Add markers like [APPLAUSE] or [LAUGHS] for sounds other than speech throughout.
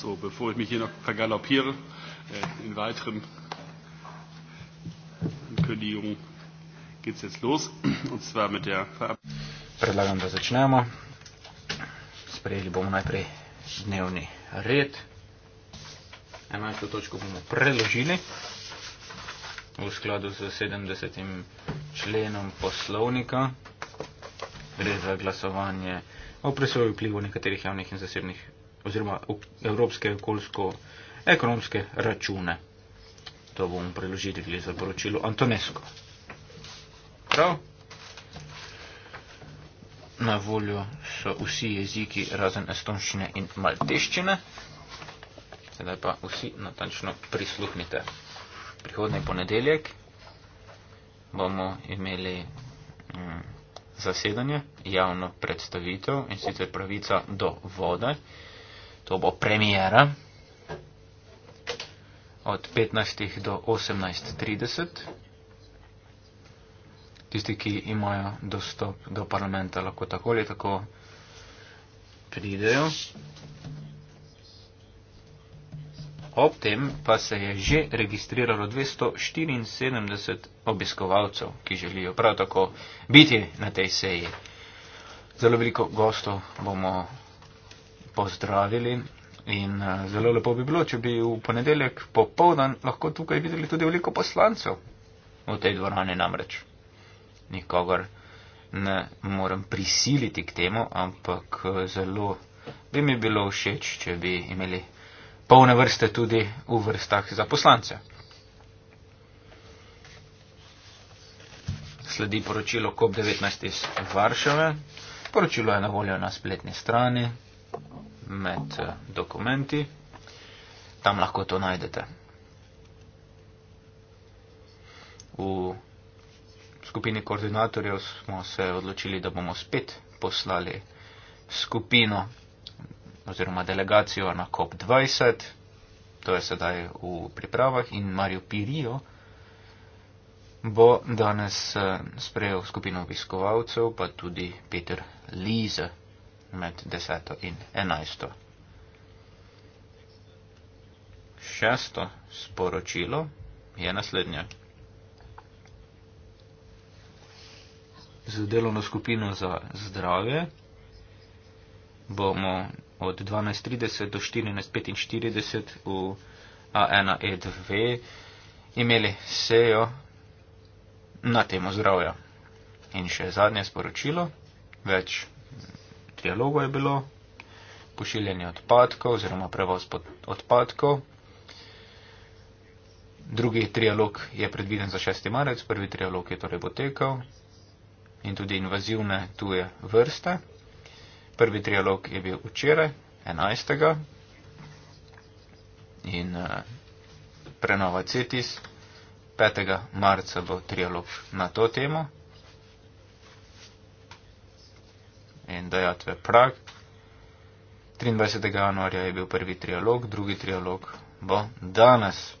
So, bevor ich mich hier noch vergaloppiere äh, in weiteren Ankündigungen, geht es jetzt los. Und zwar mit der Verabschiedung. Enajsto točko bomo preložili v skladu z 70. členom poslovnika. Gre za glasovanje o presoju vplivu nekaterih javnih in zasebnih oziroma evropske okoljsko-ekonomske račune. To bomo preložili glede za poročilo Antonesko. Prav? Na voljo so vsi jeziki razen estonščine in malteščine. Sedaj pa vsi natančno prisluhnite. Prihodnji ponedeljek bomo imeli mm, zasedanje, javno predstavitev in sicer pravica do vode to bo premijera od 15. do 18.30. Tisti, ki imajo dostop do parlamenta, lahko tako ali tako pridejo. Ob tem pa se je že registriralo 274 obiskovalcev, ki želijo prav tako biti na tej seji. Zelo veliko gostov bomo pozdravili. In eh, zelo lepo bi bilo, če bi v ponedeljek popovdan lahko tukaj videli tudi veliko poslancev v tej dvorani namreč. Nikogar ne moram prisiliti k temu, ampak eh, zelo bi mi bilo všeč, če bi imeli polne vrste tudi v vrstah za poslance. Sledi poročilo COP19 iz Varšave. Poročilo je na voljo na spletni strani med eh, dokumenti. Tam lahko to najdete. V skupini koordinatorjev smo se odločili, da bomo spet poslali skupino oziroma delegacijo na COP20. To je sedaj v pripravah in Mario Pirijo bo danes eh, sprejel skupino obiskovalcev, pa tudi Peter Lize med deseto in enajsto. Šesto sporočilo je naslednje. Z delovno skupino za zdravje bomo od 12.30 do 14.45 v A1E2 e imeli sejo na temo zdravja. In še zadnje sporočilo, več trialogov je bilo, pošiljanje odpadkov oziroma prevoz odpadkov. Drugi trialog je predviden za 6. marec, prvi trialog je torej potekal in tudi invazivne tuje vrste. Prvi trialog je bil včeraj, 11. in eh, prenova CETIS 5. marca bo trialog na to temo. in dajatve Prag. 23. januarja je bil prvi trialog, drugi trialog bo danes.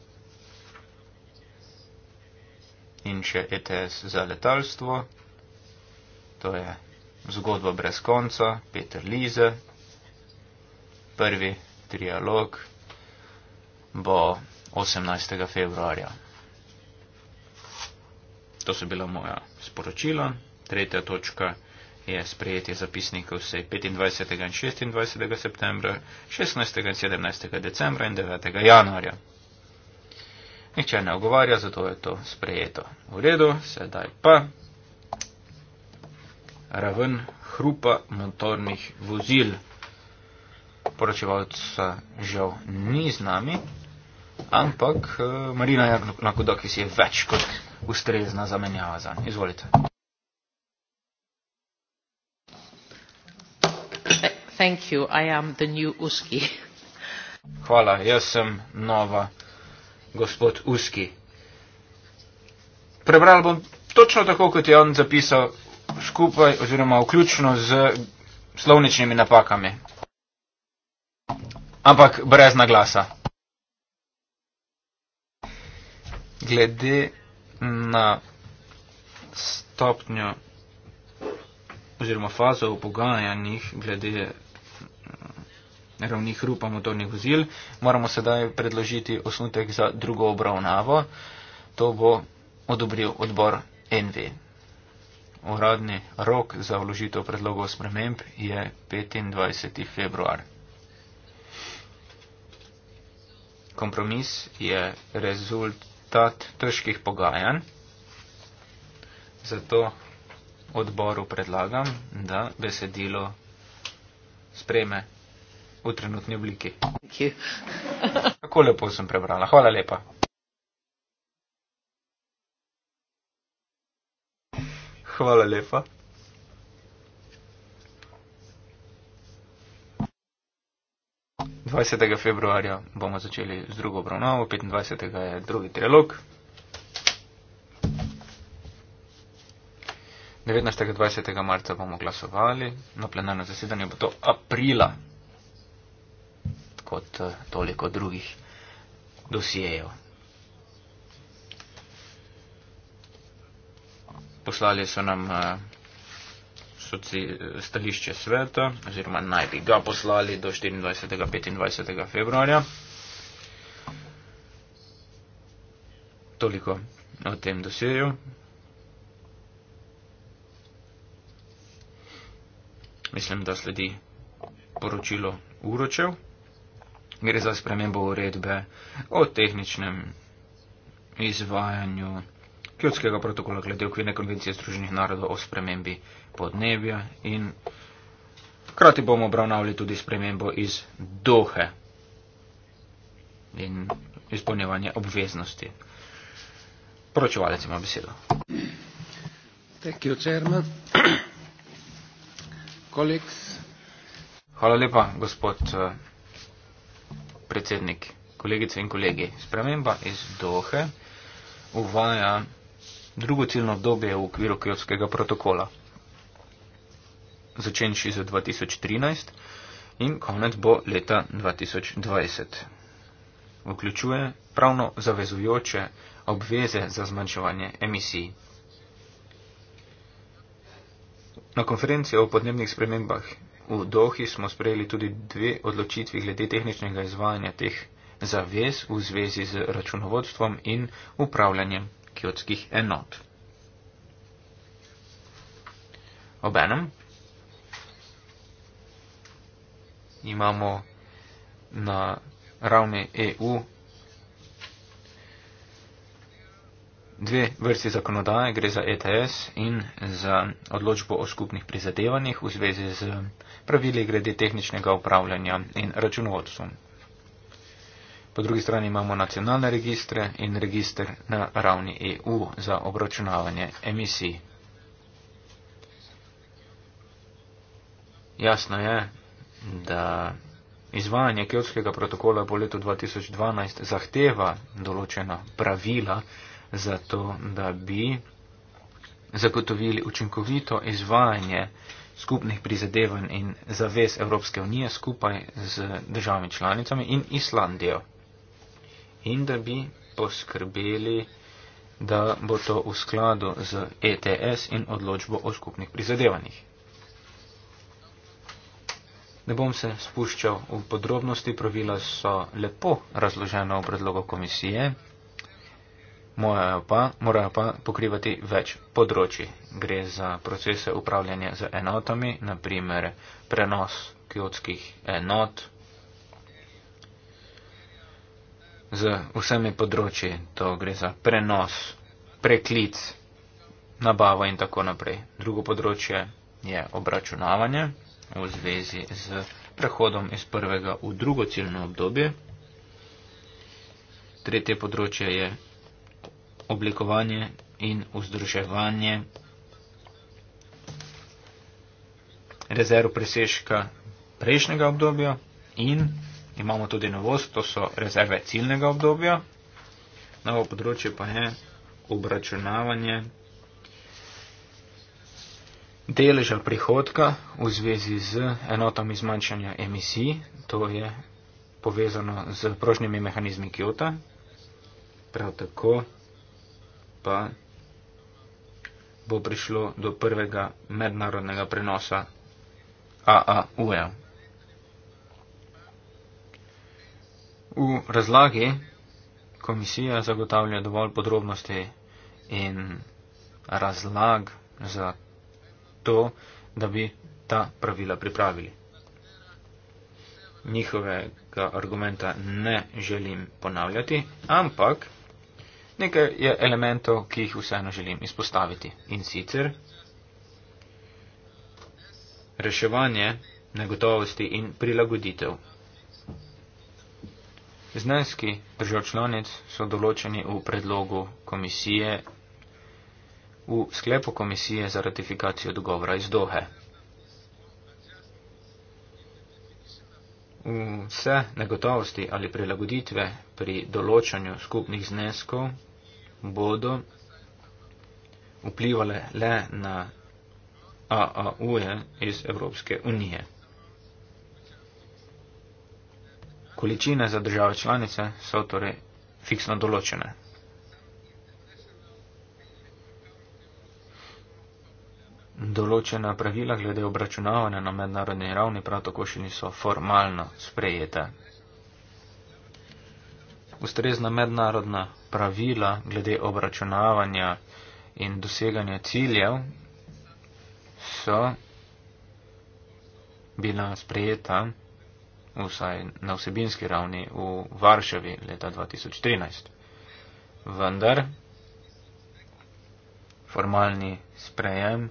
In še ETS za letalstvo. To je zgodba brez konca, Peter Lize. Prvi trialog bo 18. februarja. To so bila moja sporočila. Tretja točka je sprejetje zapisnikov sej 25. in 26. septembra, 16. in 17. decembra in 9. januarja. Nihče ne ogovarja, zato je to sprejeto. V redu, sedaj pa raven hrupa motornih vozil. Poročevalca žal ni z nami, ampak eh, Marina Jarnokodok, ki si je več kot ustrezna zamenjava za njo. Izvolite. Thank you. I am the new Uski. Hvala, jaz sem nova gospod Uski. Prebral bom točno tako, kot je on zapisal skupaj oziroma vključno z slovničnimi napakami. Ampak brez naglasa. Glede na stopnjo oziroma fazo v pogajanjih glede ravni hrupa motornih vozil, moramo sedaj predložiti osnutek za drugo obravnavo. To bo odobril odbor NV. Uradni rok za vložitev predlogov sprememb je 25. februar. Kompromis je rezultat težkih pogajanj, zato odboru predlagam, da besedilo spreme v trenutni obliki. Tako [LAUGHS] lepo sem prebrala. Hvala lepa. Hvala lepa. Dvajsetega februarja bomo začeli z drugo obravnavo, petindvajsetega je drugi trilog. Devetnajstega, dvajsetega marca bomo glasovali, na plenarno zasedanje bo to aprila kot eh, toliko drugih dosijejev. Poslali so nam eh, eh, stališče sveta, oziroma naj bi ga poslali do 24.-25. februarja. Toliko o tem dosijeju. Mislim, da sledi poročilo uročev gre za spremembo uredbe o tehničnem izvajanju kjotskega protokola glede okvirne konvencije Združenih narodov o spremembi podnebja in krati bomo obravnavali tudi spremembo iz dohe in izpolnjevanje obveznosti. Poročevalec ima besedo. Thank you, chairman. Colleagues. Hvala lepa, gospod uh, predsednik, kolegice in kolegi. Sprememba iz Dohe uvaja drugo ciljno obdobje v okviru Kjotskega protokola, začenši z 2013 in konec bo leta 2020. Vključuje pravno zavezujoče obveze za zmanjševanje emisij. Na konferenci o podnebnih spremembah V Dohi smo sprejeli tudi dve odločitvi glede tehničnega izvajanja teh zavez v zvezi z računovodstvom in upravljanjem kiotskih enot. Obenem imamo na ravni EU dve vrsti zakonodaje, gre za ETS in za odločbo o skupnih prizadevanjih v zvezi z pravili glede tehničnega upravljanja in računovodstvom. Po drugi strani imamo nacionalne registre in register na ravni EU za obračunavanje emisij. Jasno je, da izvajanje Kjotskega protokola po letu 2012 zahteva določena pravila, zato da bi zagotovili učinkovito izvajanje skupnih prizadevanj in zavez Evropske unije skupaj z državami članicami in Islandijo. In da bi poskrbeli, da bo to v skladu z ETS in odločbo o skupnih prizadevanjih. Ne bom se spuščal v podrobnosti, pravila so lepo razložena v predlogu komisije pa, morajo pa pokrivati več področji. Gre za procese upravljanja z enotami, naprimer prenos kiotskih enot z vsemi področji, to gre za prenos, preklic, nabavo in tako naprej. Drugo področje je obračunavanje v zvezi z prehodom iz prvega v drugo ciljno obdobje. Tretje področje je oblikovanje in vzdrževanje rezerv presežka prejšnjega obdobja in imamo tudi novost, to so rezerve ciljnega obdobja. Novo področje pa je obračunavanje deleža prihodka v zvezi z enotami zmanjšanja emisij, to je povezano z prožnimi mehanizmi Kyoto. Prav tako pa bo prišlo do prvega mednarodnega prenosa AAU-ja. V razlagi komisija zagotavlja dovolj podrobnosti in razlag za to, da bi ta pravila pripravili. Njihovega argumenta ne želim ponavljati, ampak Nekaj je elementov, ki jih vseeno želim izpostaviti. In sicer reševanje negotovosti in prilagoditev. Zneski držav članic so določeni v predlogu komisije, v sklepu komisije za ratifikacijo dogovora iz Dohe. Vse negotovosti ali prilagoditve pri določanju skupnih zneskov bodo vplivale le na AAU-je iz Evropske unije. Količine za države članice so torej fiksno določene. Določena pravila glede obračunavanja na mednarodni ravni prav tako še niso formalno sprejeta ustrezna mednarodna pravila glede obračunavanja in doseganja ciljev so bila sprejeta vsaj na vsebinski ravni v Varšavi leta 2013. Vendar formalni sprejem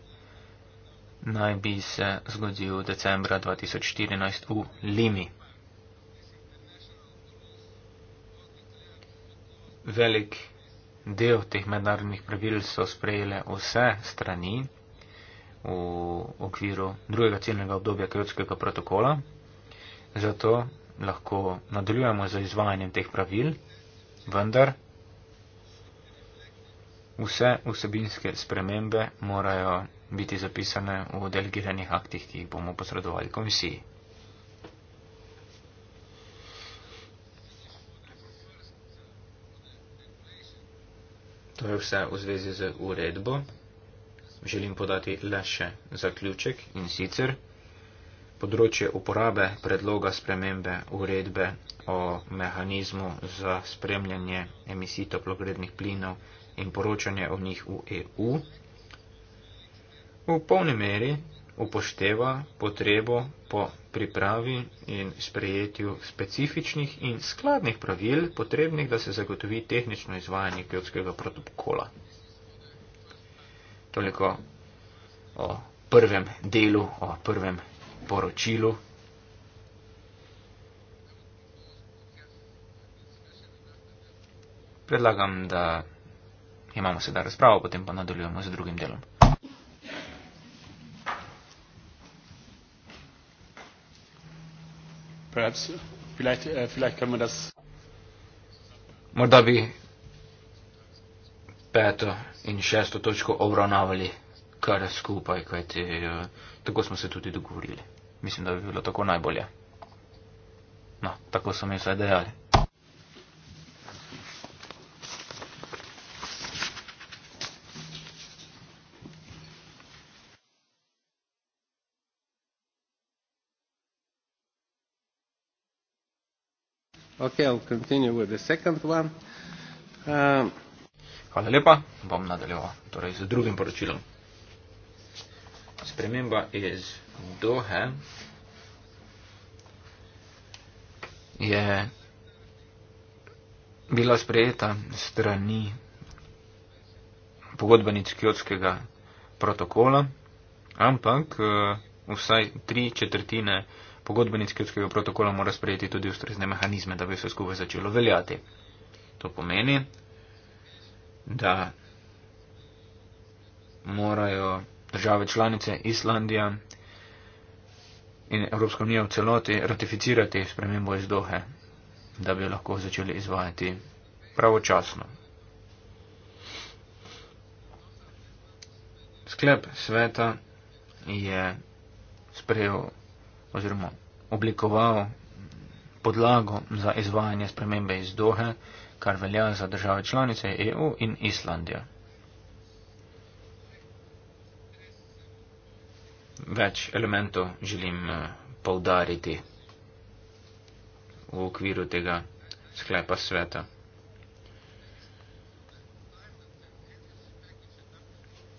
naj bi se zgodil decembra 2014 v Limi. velik del teh mednarodnih pravil so sprejele vse strani v okviru drugega ciljnega obdobja Kjotskega protokola. Zato lahko nadaljujemo z izvajanjem teh pravil, vendar vse vsebinske spremembe morajo biti zapisane v delegiranih aktih, ki jih bomo posredovali komisiji. To je vse v zvezi z uredbo. Želim podati le še zaključek in sicer področje uporabe predloga spremembe uredbe o mehanizmu za spremljanje emisij toplogrednih plinov in poročanje o njih v EU. V polni meri upošteva potrebo po pripravi in sprejetju specifičnih in skladnih pravil, potrebnih, da se zagotovi tehnično izvajanje kjotskega protokola. Toliko o prvem delu, o prvem poročilu. Predlagam, da imamo sedaj razpravo, potem pa nadaljujemo z drugim delom. Äh, Morda bi peto in šesto točko obravnavali kar skupaj, kajti eh, tako smo se tudi dogovorili. Mislim, da bi bilo tako najbolje. No, tako so mi vsaj dejali. Okay, I'll continue with the second one. Um, Hvala lepa, bom nadaljeval torej z drugim poročilom. Sprememba iz Dohe je bila sprejeta strani pogodbenic Kjotskega protokola, ampak uh, vsaj tri četrtine uh, pogodbenic kjotskega protokola mora sprejeti tudi ustrezne mehanizme, da bi vse skupaj začelo veljati. To pomeni, da morajo države članice Islandija in Evropska unija v celoti ratificirati spremembo iz Dohe, da bi jo lahko začeli izvajati pravočasno. Sklep sveta je sprejel oziroma oblikoval podlago za izvajanje spremembe iz Dohe, kar velja za države članice EU in Islandijo. Več elementov želim eh, povdariti v okviru tega sklepa sveta.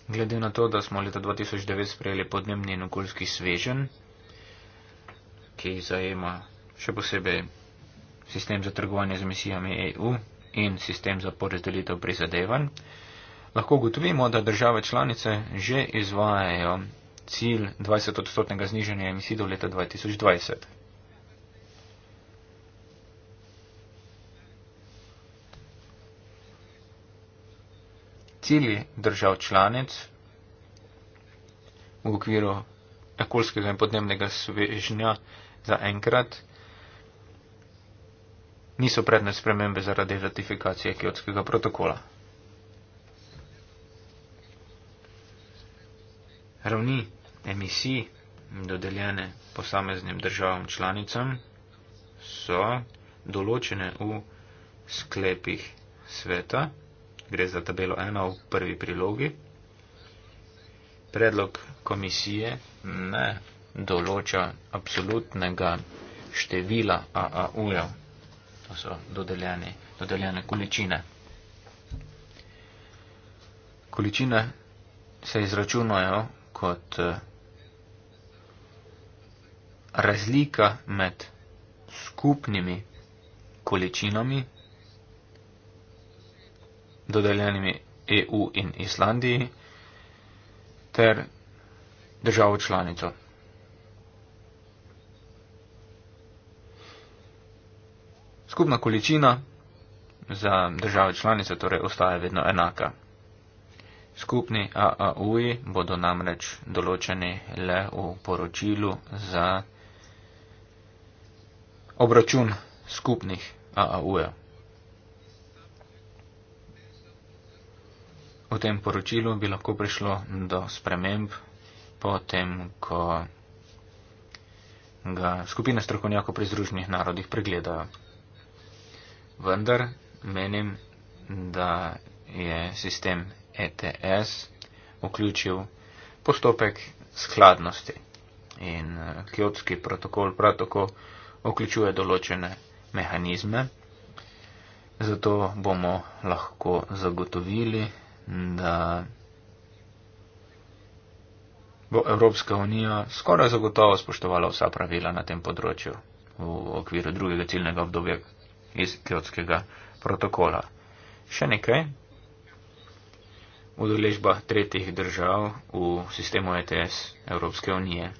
Glede na to, da smo leta 2009 sprejeli podnebni in okoljski svežen, ki zajema še posebej sistem za trgovanje z emisijami EU in sistem za porazdelitev prizadevanj, lahko ugotovimo, da države članice že izvajajo cilj 20-odstotnega znižanja emisij do leta 2020. Cilji držav članic v okviru okoljskega in podnebnega svežnja za enkrat niso predne spremembe zaradi ratifikacije kjotskega protokola. Ravni emisij dodeljene posameznim državam članicam so določene v sklepih sveta. Gre za tabelo 1 v prvi prilogi. Predlog komisije ne določa absolutnega števila AAU-jev. To so dodeljene, dodeljene količine. Količine se izračunajo kot eh, razlika med skupnimi količinami dodeljenimi EU in Islandiji ter državo članico. Skupna količina za države članice torej ostaja vedno enaka. Skupni AAUI bodo namreč določeni le v poročilu za obračun skupnih AAUE. V tem poročilu bi lahko prišlo do sprememb, potem ko ga skupine strokovnjakov pri Združenih narodih pregledajo vendar menim, da je sistem ETS vključil postopek skladnosti in eh, kjotski protokol prav tako vključuje določene mehanizme. Zato bomo lahko zagotovili, da bo Evropska unija skoraj zagotovo spoštovala vsa pravila na tem področju v okviru drugega ciljnega obdobja, iz kjotskega protokola. Še nekaj. Udeležba tretjih držav v sistemu ETS Evropske unije.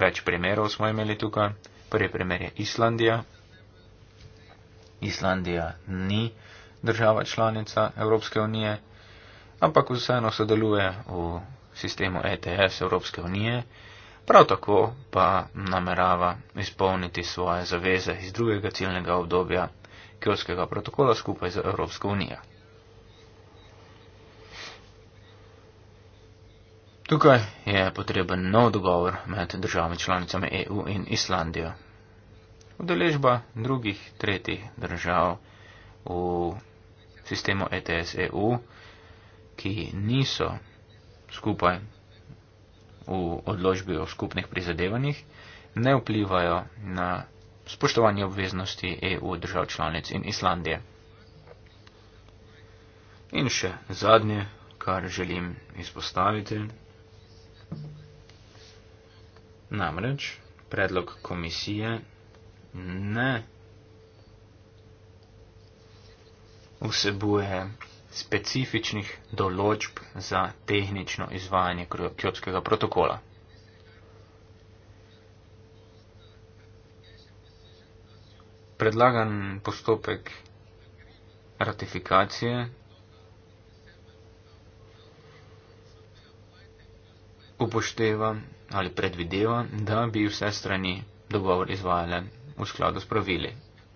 Več primerov smo imeli tukaj. Prvi primer je Islandija. Islandija ni država članica Evropske unije, ampak vseeno sodeluje v sistemu ETS Evropske unije. Prav tako pa namerava izpolniti svoje zaveze iz drugega ciljnega obdobja Kjolskega protokola skupaj z Evropsko unijo. Tukaj je potreben nov dogovor med državami članicami EU in Islandijo. Udeležba drugih tretjih držav v sistemu ETS EU, ki niso skupaj v odložbi o skupnih prizadevanjih, ne vplivajo na spoštovanje obveznosti EU držav članic in Islandije. In še zadnje, kar želim izpostaviti. Namreč predlog komisije ne vsebuje specifičnih določb za tehnično izvajanje Kjotskega protokola. predlagan postopek ratifikacije upošteva ali predvideva, da bi vse strani dogovor izvajale v skladu s pravili.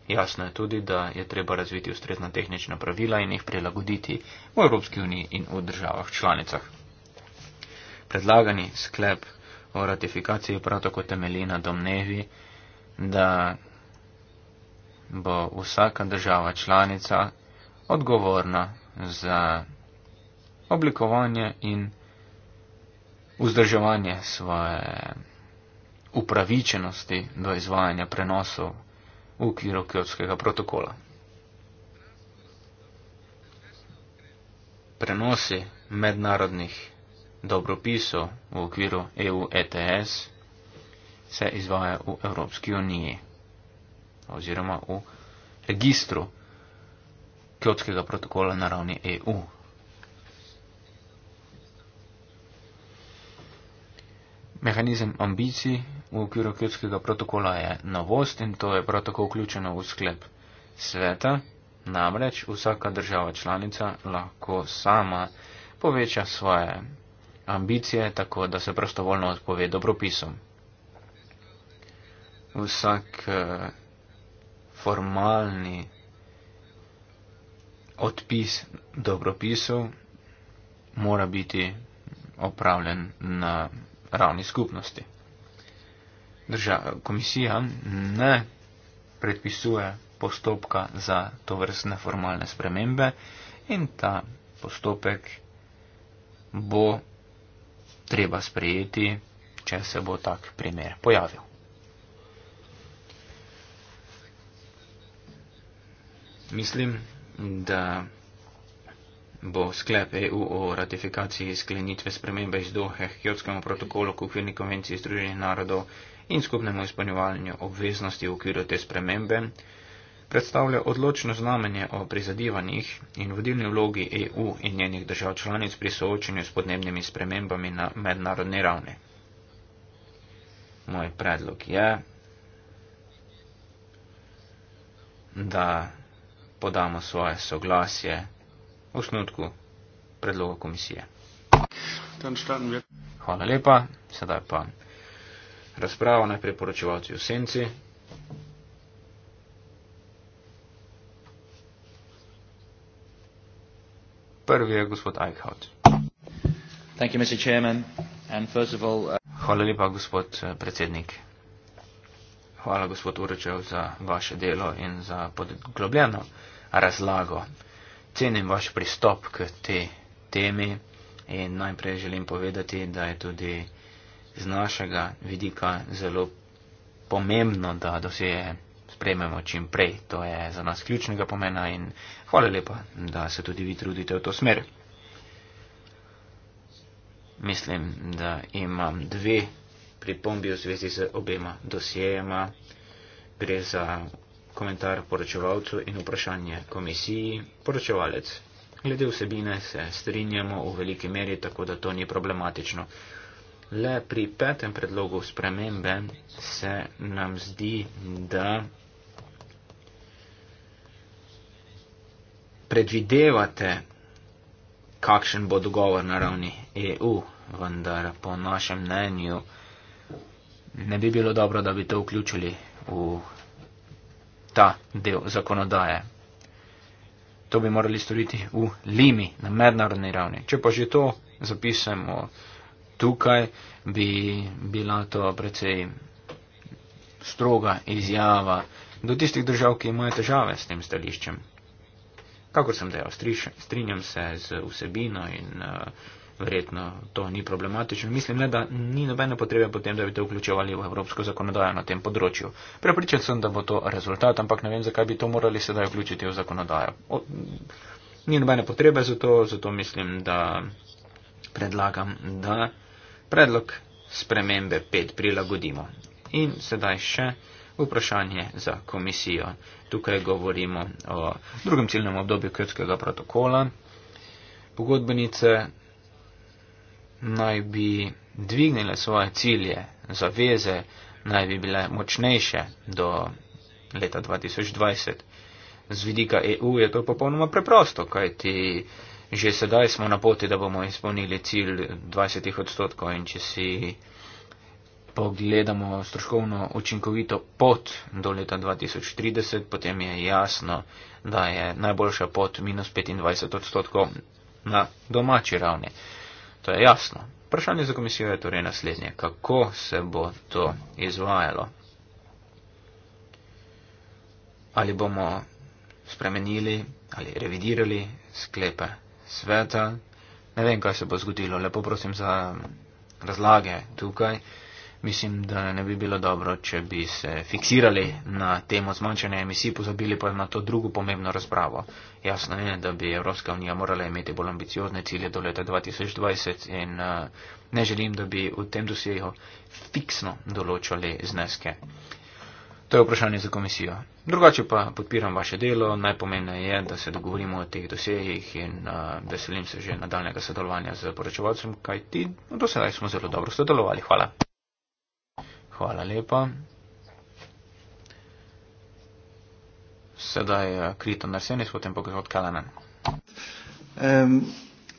Jasno je tudi, da je treba razviti ustrezna tehnična pravila in jih prilagoditi v Evropski uniji in v državah članicah. Predlagani sklep o ratifikaciji prav tako temelji na domnevi, da bo vsaka država članica odgovorna za oblikovanje in vzdrževanje svoje upravičenosti do izvajanja prenosov v okviru Kjotskega protokola. Prenosi mednarodnih dobropisov v okviru EU ETS se izvaja v Evropski uniji oziroma v registru Kjotskega protokola na ravni EU. Mehanizem ambicij v okviru Kjotskega protokola je novost in to je prav tako vključeno v sklep sveta. Namreč vsaka država članica lahko sama poveča svoje ambicije, tako da se prostovoljno odpove dobropisom. Vsak eh, formalni odpis dobropisu mora biti opravljen na ravni skupnosti. Država, komisija ne predpisuje postopka za to vrstne formalne spremembe in ta postopek bo treba sprejeti, če se bo tak primer pojavil. Mislim, da bo sklep EU o ratifikaciji sklenitve spremembe iz Dohe k Kjotskemu protokolu, k okvirni konvenciji Združenih narodov in skupnemu izpolnjevanju obveznosti v okviru te spremembe predstavlja odločno znamenje o prizadevanjih in vodilni vlogi EU in njenih držav članic pri soočenju s podnebnimi spremembami na mednarodni ravni. Moj predlog je, da podamo svoje soglasje v osnutku predloga komisije. Hvala lepa, sedaj pa razprava najprej poročevalci v senci. Prvi je gospod Eichhout. Thank you, Mr. Chairman. And first of all, uh... Hvala lepa, gospod eh, predsednik hvala, gospod Urečev, za vaše delo in za podglobljeno razlago. Cenim vaš pristop k te temi in najprej želim povedati, da je tudi z našega vidika zelo pomembno, da dosije sprememo čim prej. To je za nas ključnega pomena in hvala lepa, da se tudi vi trudite v to smer. Mislim, da imam dve pripombi v zvezi z obema dosijema. Gre za komentar poročevalcu in vprašanje komisiji. Poročevalec. Glede vsebine se strinjamo v veliki meri, tako da to ni problematično. Le pri petem predlogu spremembe se nam zdi, da predvidevate, kakšen bo dogovor na ravni EU, vendar po našem mnenju ne bi bilo dobro, da bi to vključili v ta del zakonodaje. To bi morali storiti v Limi, na mednarodni ravni. Če pa že to zapisemo tukaj, bi bila to precej stroga izjava do tistih držav, ki imajo težave s tem stališčem. Kakor sem dejal, strinjam se z vsebino in uh, verjetno to ni problematično. Mislim, ne, da ni nobene potrebe potem, da bi to vključevali v evropsko zakonodajo na tem področju. Prepričan sem, da bo to rezultat, ampak ne vem, zakaj bi to morali sedaj vključiti v zakonodajo. O, ni nobene potrebe za to, zato mislim, da predlagam, da predlog spremembe 5 prilagodimo. In sedaj še vprašanje za komisijo. Tukaj govorimo o drugem ciljnem obdobju Kjotskega protokola. Pogodbenice naj bi dvignile svoje cilje, zaveze, naj bi bile močnejše do leta 2020. Z vidika EU je to popolnoma preprosto, kajti že sedaj smo na poti, da bomo izpolnili cilj 20 odstotkov in če si pogledamo stroškovno učinkovito pot do leta 2030, potem je jasno, da je najboljša pot minus 25 odstotkov na domači ravni to je jasno. Vprašanje za komisijo je torej naslednje, kako se bo to izvajalo. Ali bomo spremenili ali revidirali sklepe sveta, ne vem, kaj se bo zgodilo, lepo prosim za razlage tukaj mislim, da ne bi bilo dobro, če bi se fiksirali na temo zmanjšanja emisij, pozabili pa na to drugo pomembno razpravo. Jasno je, da bi Evropska unija morala imeti bolj ambiciozne cilje do leta 2020 in uh, ne želim, da bi v tem dosegu fiksno določali zneske. To je vprašanje za komisijo. Drugače pa podpiram vaše delo. Najpomembneje je, da se dogovorimo o teh dosejih in uh, veselim se že nadaljnega sodelovanja z poročevalcem, kaj ti, no, do sedaj smo zelo dobro sodelovali. Hvala. Hvala lepa. Sedaj je eh, Kriton Arsenis, potem pa gospod Kalanen. Um,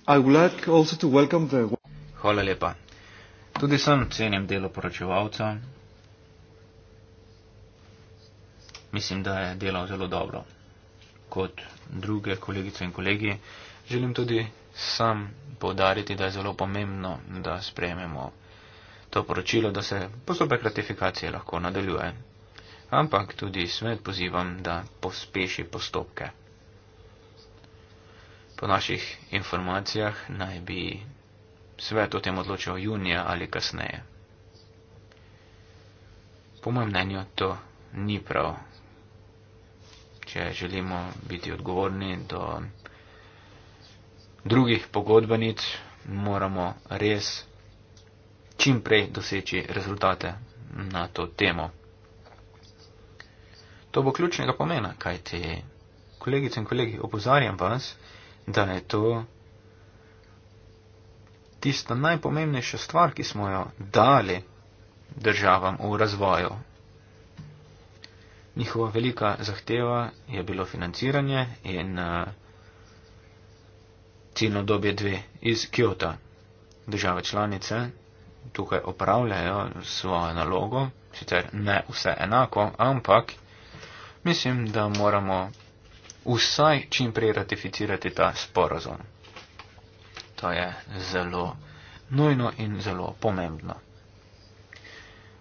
like the... Hvala lepa. Tudi sam cenim delo poročevalca. Mislim, da je delal zelo dobro. Kot druge kolegice in kolegi, želim tudi sam povdariti, da je zelo pomembno, da sprejmemo to poročilo, da se postopek ratifikacije lahko nadaljuje. Ampak tudi svet pozivam, da pospeši postopke. Po naših informacijah naj bi svet o tem odločil junija ali kasneje. Po mojem mnenju to ni prav. Če želimo biti odgovorni do drugih pogodbenic, moramo res čim prej doseči rezultate na to temo. To bo ključnega pomena, kaj te kolegice in kolegi opozarjam vas, da je to tista najpomembnejša stvar, ki smo jo dali državam v razvoju. Njihova velika zahteva je bilo financiranje in uh, ciljno dobje dve iz Kyoto. Države članice tukaj opravljajo svojo nalogo, sicer ne vse enako, ampak mislim, da moramo vsaj čim prej ratificirati ta sporozum. To je zelo nujno in zelo pomembno.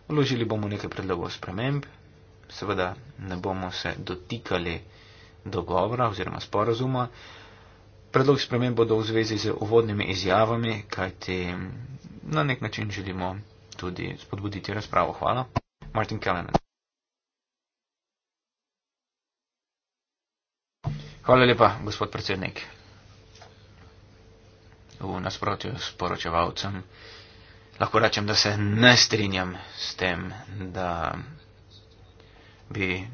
Vložili bomo nekaj predlogov sprememb, seveda ne bomo se dotikali dogovora oziroma sporozuma. Predlog sprememb bodo v zvezi z uvodnimi izjavami, kajti na nek način želimo tudi spodbuditi razpravo. Hvala. Martin Kellerman. Hvala lepa, gospod predsednik. V nasprotju s poročevalcem lahko rečem, da se ne strinjam s tem, da bi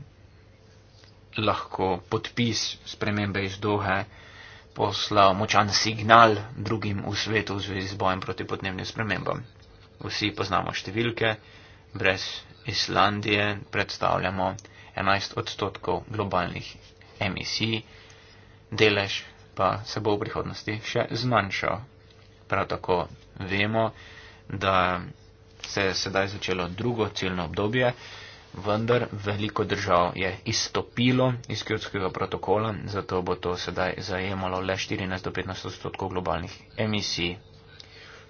lahko podpis spremembe iz dohe poslal močan signal drugim v svetu v zvezi z bojem proti podnebnim spremembam. Vsi poznamo številke, brez Islandije predstavljamo 11 odstotkov globalnih emisij, delež pa se bo v prihodnosti še zmanjšal. Prav tako vemo, da se je sedaj začelo drugo ciljno obdobje, vendar veliko držav je izstopilo iz kjotskega protokola, zato bo to sedaj zajemalo le 14 do 15 odstotkov globalnih emisij.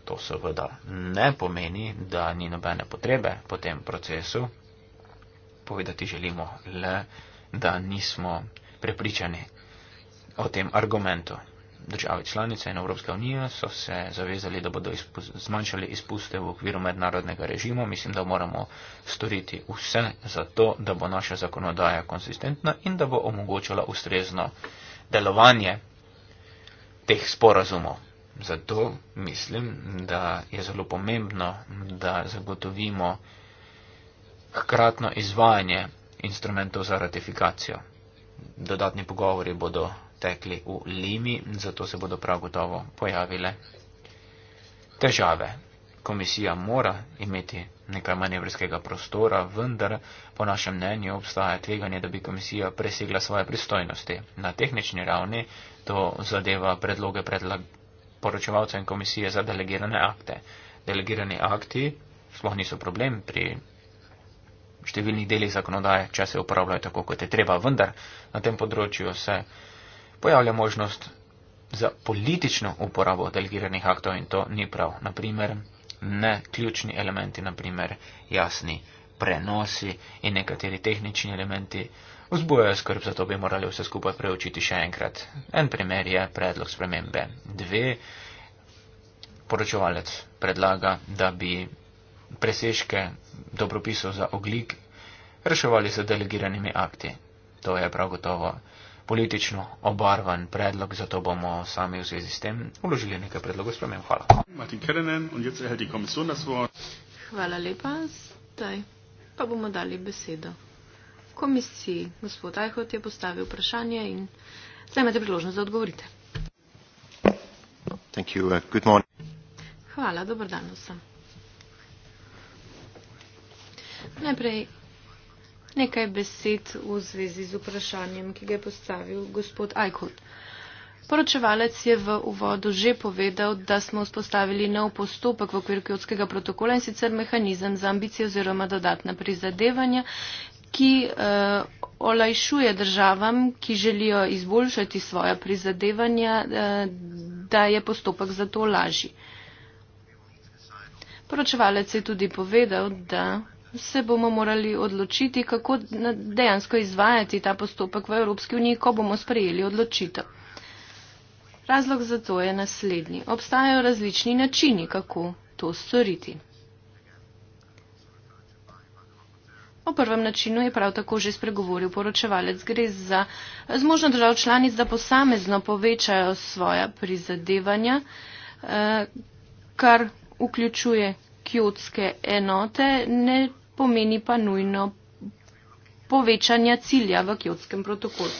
To seveda ne pomeni, da ni nobene potrebe po tem procesu. Povedati želimo le, da nismo prepričani o tem argumentu države članice in Evropska unija so se zavezali, da bodo izpuz, zmanjšali izpuste v okviru mednarodnega režima. Mislim, da moramo storiti vse za to, da bo naša zakonodaja konsistentna in da bo omogočala ustrezno delovanje teh sporazumov. Zato mislim, da je zelo pomembno, da zagotovimo hkratno izvajanje instrumentov za ratifikacijo. Dodatni pogovori bodo tekli v Limi, zato se bodo prav gotovo pojavile težave. Komisija mora imeti nekaj manevrskega prostora, vendar po našem mnenju obstaja tveganje, da bi komisija presegla svoje pristojnosti. Na tehnični ravni to zadeva predloge predlag poročevalcev in komisije za delegirane akte. Delegirani akti sploh niso problem pri številnih delih zakonodaje, če se uporabljajo tako, kot je treba, vendar na tem področju se pojavlja možnost za politično uporabo delegiranih aktov in to ni prav. Naprimer, ne ključni elementi, naprimer jasni prenosi in nekateri tehnični elementi vzbujajo skrb, zato bi morali vse skupaj preučiti še enkrat. En primer je predlog spremembe. Dve, poročevalec predlaga, da bi preseške dobropisov za oglik reševali z delegiranimi akti. To je prav gotovo politično obarvan predlog, zato bomo sami v zvezi s tem uložili nekaj predlogov sprememb. Hvala. Hvala lepa. Zdaj pa bomo dali besedo. Komisiji gospod Ajhot je postavil vprašanje in zdaj imate priložnost, da odgovorite. Thank you. Uh, good morning. Hvala, dobrodan vsem. Najprej nekaj besed v zvezi z vprašanjem, ki ga je postavil gospod Ajkut. Poročevalec je v uvodu že povedal, da smo vzpostavili nov postopek v okviru kjotskega protokola in sicer mehanizem za ambicije oziroma dodatna prizadevanja, ki eh, olajšuje državam, ki želijo izboljšati svoja prizadevanja, eh, da je postopek za to lažji. Poročevalec je tudi povedal, da se bomo morali odločiti, kako dejansko izvajati ta postopek v Evropski uniji, ko bomo sprejeli odločitev. Razlog za to je naslednji. Obstajajo različni načini, kako to storiti. O prvem načinu je prav tako že spregovoril poročevalec. Gre za zmožnost držav članic, da posamezno povečajo svoja prizadevanja, eh, kar vključuje kjotske enote, ne pomeni pa nujno povečanja cilja v kjotskem protokolu.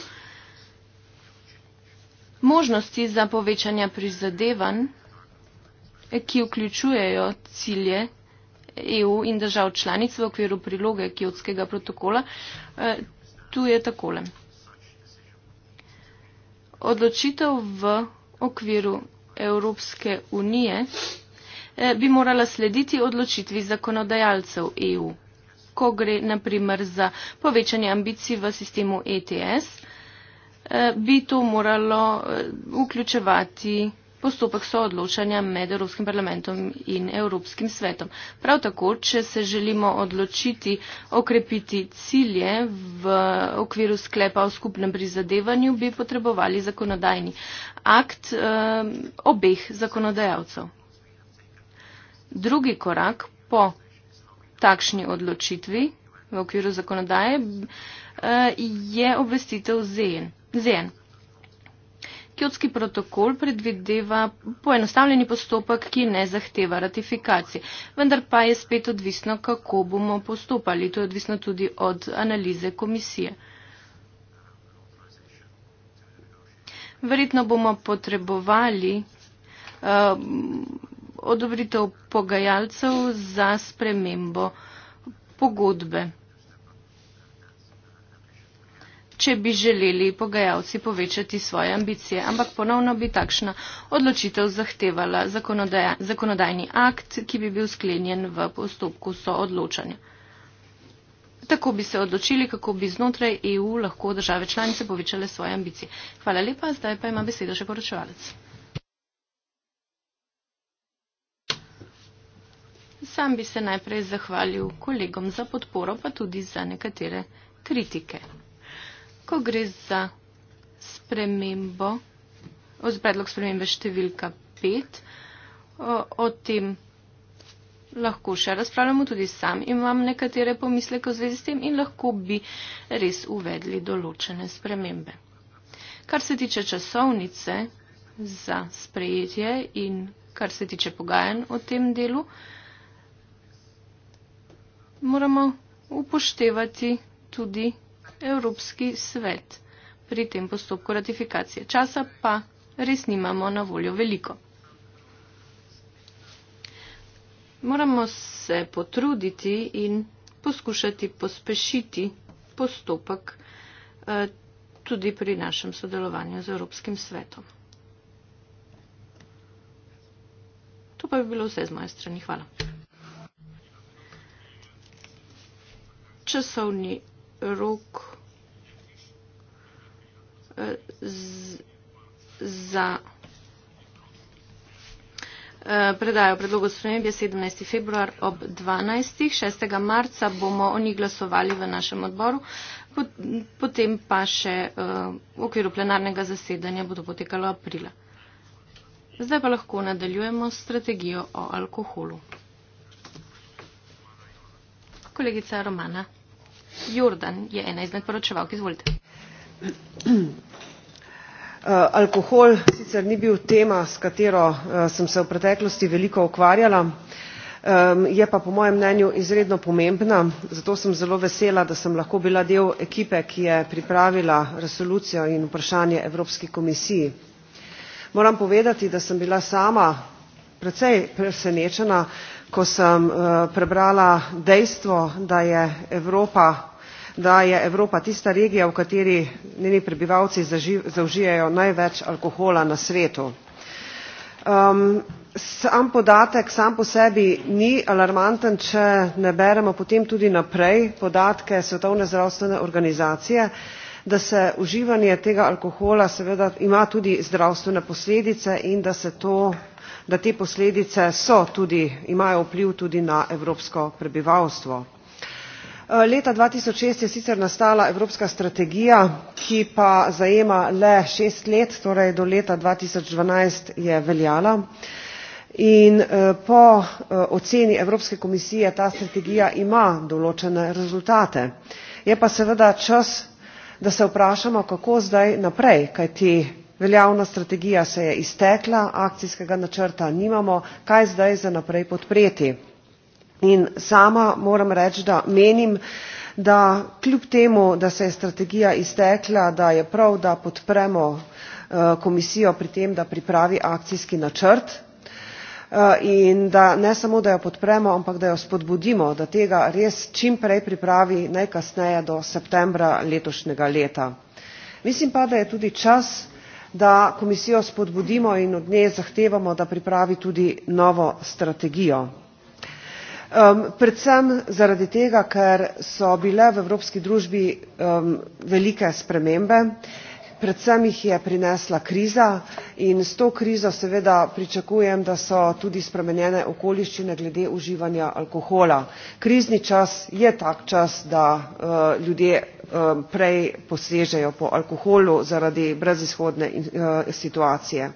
Možnosti za povečanje prizadevanj, ki vključujejo cilje EU in držav članic v okviru priloge kjotskega protokola, eh, tu je takole. Odločitev v okviru Evropske unije eh, bi morala slediti odločitvi zakonodajalcev EU ko gre naprimer za povečanje ambicij v sistemu ETS, eh, bi to moralo eh, vključevati postopek soodločanja med Evropskim parlamentom in Evropskim svetom. Prav tako, če se želimo odločiti okrepiti cilje v okviru sklepa o skupnem prizadevanju, bi potrebovali zakonodajni akt eh, obeh zakonodajalcev. Drugi korak po takšni odločitvi v okviru zakonodaje eh, je obvestitev ZN. Kjotski protokol predvideva poenostavljeni postopek, ki ne zahteva ratifikacije, vendar pa je spet odvisno, kako bomo postopali. To je odvisno tudi od analize komisije. Verjetno bomo potrebovali eh, odobritev pogajalcev za spremembo pogodbe. Če bi želeli pogajalci povečati svoje ambicije, ampak ponovno bi takšna odločitev zahtevala zakonodaj, zakonodajni akt, ki bi bil sklenjen v postopku soodločanja. Tako bi se odločili, kako bi znotraj EU lahko države članice povečale svoje ambicije. Hvala lepa, zdaj pa ima besedo še poročevalec. Sam bi se najprej zahvalil kolegom za podporo, pa tudi za nekatere kritike. Ko gre za spremembo, oziroma predlog spremembe številka 5, o, o tem lahko še razpravljamo, tudi sam imam nekatere pomisleke v zvezi s tem in lahko bi res uvedli določene spremembe. Kar se tiče časovnice za sprejetje in kar se tiče pogajanj o tem delu, moramo upoštevati tudi Evropski svet pri tem postopku ratifikacije. Časa pa res nimamo na voljo veliko. Moramo se potruditi in poskušati pospešiti postopek eh, tudi pri našem sodelovanju z Evropskim svetom. To pa bi bilo vse z moje strani. Hvala. časovni rok eh, za eh, predajo predlogo spremembe 17. februar ob 12. 6. marca bomo o njih glasovali v našem odboru, potem pa še eh, v okviru plenarnega zasedanja bodo potekalo aprila. Zdaj pa lahko nadaljujemo s strategijo o alkoholu. Kolegica Romana. Jordan je ena izmed poročevalk. Izvolite. [CLEARS THROAT] Eh, alkohol sicer ni bil tema, s katero eh, sem se v preteklosti veliko ukvarjala, je pa po mojem mnenju izredno pomembna, zato sem zelo vesela, da sem lahko bila del ekipe, ki je pripravila resolucijo in vprašanje Evropski komisiji. Moram povedati, da sem bila sama precej presenečena, ko sem eh, prebrala dejstvo, da je Evropa, da je Evropa tista regija, v kateri njeni prebivalci zaužijajo največ alkohola na svetu. Um, sam podatek sam po sebi ni alarmanten, če ne beremo potem tudi naprej podatke Svetovne zdravstvene organizacije, da se uživanje tega alkohola seveda ima tudi zdravstvene posledice in da se to da te posledice so tudi, imajo vpliv tudi na evropsko prebivalstvo. Eh, leta 2006 je sicer nastala evropska strategija, ki pa zajema le šest let, torej do leta 2012 je veljala. In eh, po eh, oceni Evropske komisije ta strategija ima določene rezultate. Je pa seveda čas, da se vprašamo, kako zdaj naprej, kajti Veljavna strategija se je iztekla, akcijskega načrta nimamo, kaj zdaj za naprej podpreti. In sama moram reči, da menim, da kljub temu, da se je strategija iztekla, da je prav, da podpremo eh, komisijo pri tem, da pripravi akcijski načrt eh, in da ne samo, da jo podpremo, ampak da jo spodbudimo, da tega res čim prej pripravi, najkasneje do septembra letošnjega leta. Mislim pa, da je tudi čas, da komisijo spodbudimo in od nje zahtevamo, da pripravi tudi novo strategijo. Um, predvsem zaradi tega, ker so bile v evropski družbi um, velike spremembe, uh, predvsem jih je prinesla kriza in s to krizo seveda pričakujem, da so tudi spremenjene okoliščine glede uživanja alkohola. Krizni čas je tak čas, da uh, ljudje uh, prej posežejo po alkoholu zaradi brezizhodne uh, situacije. Uh,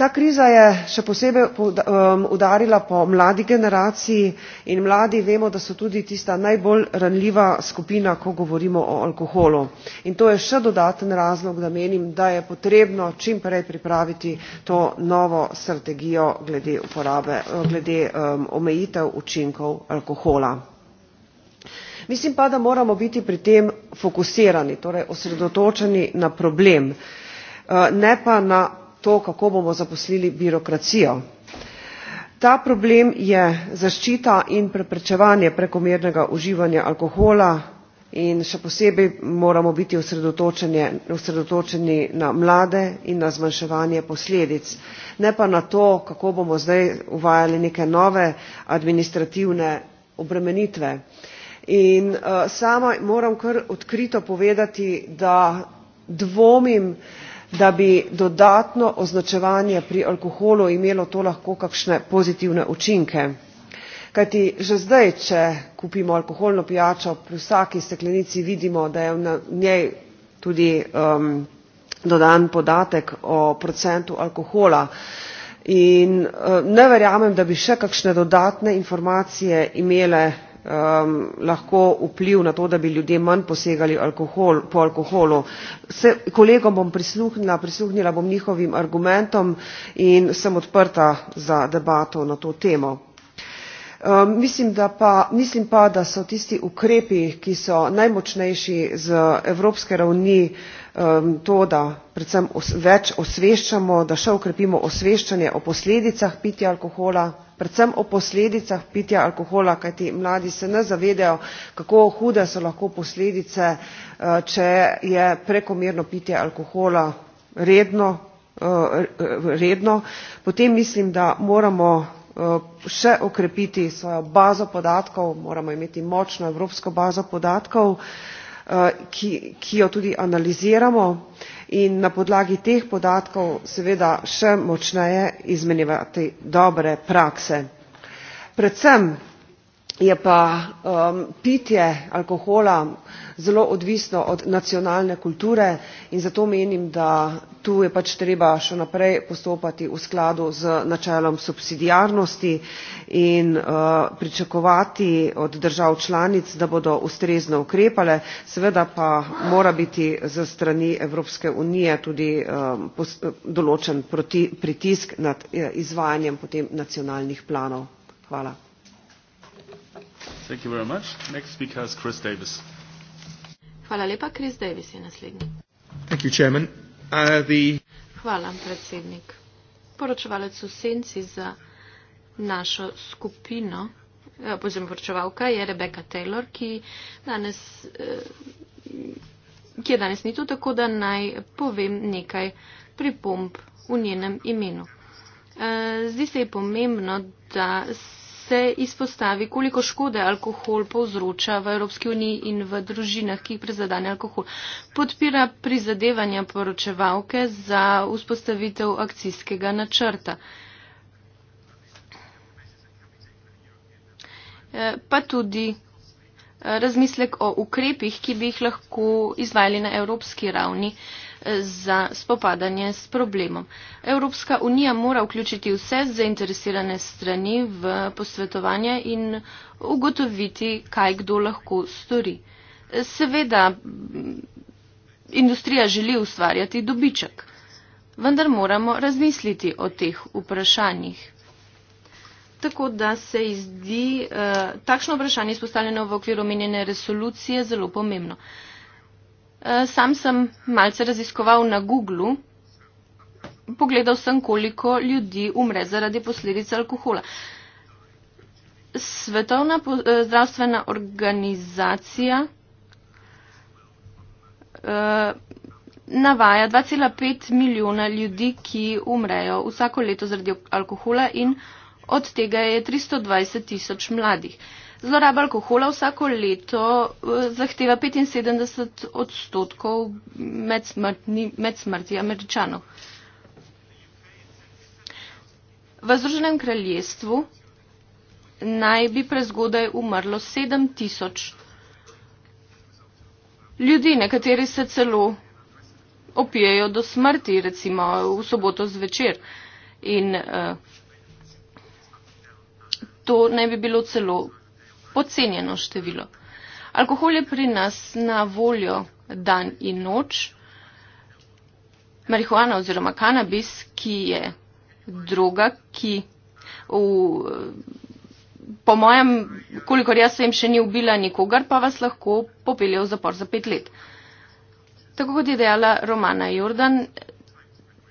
Ta kriza je še posebej um, udarila po mladi generaciji in mladi vemo, da so tudi tista najbolj ranljiva skupina, ko govorimo o alkoholu. In to je še dodaten razlog, da menim, da je potrebno čim prej pripraviti to novo strategijo glede, uporabe, glede um, omejitev učinkov alkohola. Mislim pa, da moramo biti pri tem fokusirani, torej osredotočeni na problem, uh, ne pa na to, kako bomo zaposlili birokracijo. Ta problem je zaščita in preprečevanje prekomernega uživanja alkohola in še posebej moramo biti osredotočeni na mlade in na zmanjševanje posledic, ne pa na to, kako bomo zdaj uvajali neke nove administrativne obremenitve. In uh, sama moram kar odkrito povedati, da dvomim, uh, da bi dodatno označevanje pri alkoholu imelo to lahko kakšne pozitivne učinke. Kajti že zdaj, če kupimo alkoholno pijačo, pri vsaki steklenici vidimo, da je v njej tudi um, dodan podatek o procentu alkohola. In uh, ne verjamem, da bi še kakšne dodatne informacije imele uh, um, lahko vpliv na to, da bi ljudje manj posegali alkohol, po alkoholu. Se, kolegom bom prisluhnila, prisluhnila bom njihovim argumentom in sem odprta za debato na to temo. Um, mislim, da pa, mislim pa, da so tisti ukrepi, ki so najmočnejši z evropske ravni, uh, to, da predvsem več osveščamo, da še ukrepimo osveščanje o posledicah pitja alkohola, predvsem o posledicah pitja alkohola, kajti mladi se ne zavedajo, kako hude so lahko posledice, eh, če je prekomerno pitje alkohola redno, eh, redno. Potem mislim, da moramo eh, še okrepiti svojo bazo podatkov, moramo imeti močno evropsko bazo podatkov, Eh, ki, ki jo tudi analiziramo in na podlagi teh podatkov seveda še močneje izmenjevati dobre prakse. Predvsem je pa um, pitje alkohola zelo odvisno od nacionalne kulture in zato menim, da tu je pač treba še naprej postopati v skladu z načelom subsidijarnosti in uh, pričakovati od držav članic, da bodo ustrezno ukrepale. Seveda pa mora biti za strani Evropske unije tudi um, pos, določen proti, pritisk nad eh, izvajanjem potem nacionalnih planov. Hvala. Thank you very much. Next speaker is Chris Davis. Hvala lepa, Chris Davis je naslednji. Thank you, Chairman. Uh, Hvala, predsednik. Poročevalec v senci za našo skupino, pozem eh, poročevalka, je Rebeka Taylor, ki danes, eh, ki je danes ni to tako, da naj povem nekaj pripomp v njenem imenu. Eh, zdi se je pomembno, da se se izpostavi, koliko škode alkohol povzroča v Evropski uniji in v družinah, ki jih prizadane alkohol. Podpira prizadevanja poročevalke za vzpostavitev akcijskega načrta. Eh, pa tudi eh, razmislek o ukrepih, ki bi jih lahko izvajali na evropski ravni za spopadanje s problemom. Evropska unija mora vključiti vse zainteresirane strani v posvetovanje in ugotoviti, kaj kdo lahko stori. Seveda, industrija želi ustvarjati dobiček, vendar moramo razmisliti o teh vprašanjih. Tako da se zdi eh, takšno vprašanje izpostavljeno v okviru omenjene resolucije zelo pomembno. Eh, Eh, sam sem malce raziskoval na Googlu. Pogledal sem, koliko ljudi umre zaradi posledic alkohola. Svetovna eh, zdravstvena organizacija eh, navaja 2,5 milijona ljudi, ki umrejo vsako leto zaradi alkohola in od tega je 320 tisoč mladih. Zloraba alkohola vsako leto eh, zahteva 75 odstotkov med smrti američanov. V Združenem kraljestvu naj bi prezgodaj umrlo 7 tisoč ljudi, nekateri se celo opijajo do smrti, recimo v soboto zvečer. In uh, to naj bi bilo celo pocenjeno število. Alkohol je pri nas na voljo dan in noč. Marihuana oziroma kanabis, ki je droga, ki v, po mojem, kolikor jaz sem še ni ubila nikogar, pa vas lahko popelje v zapor za pet let. Tako kot je dejala Romana Jordan,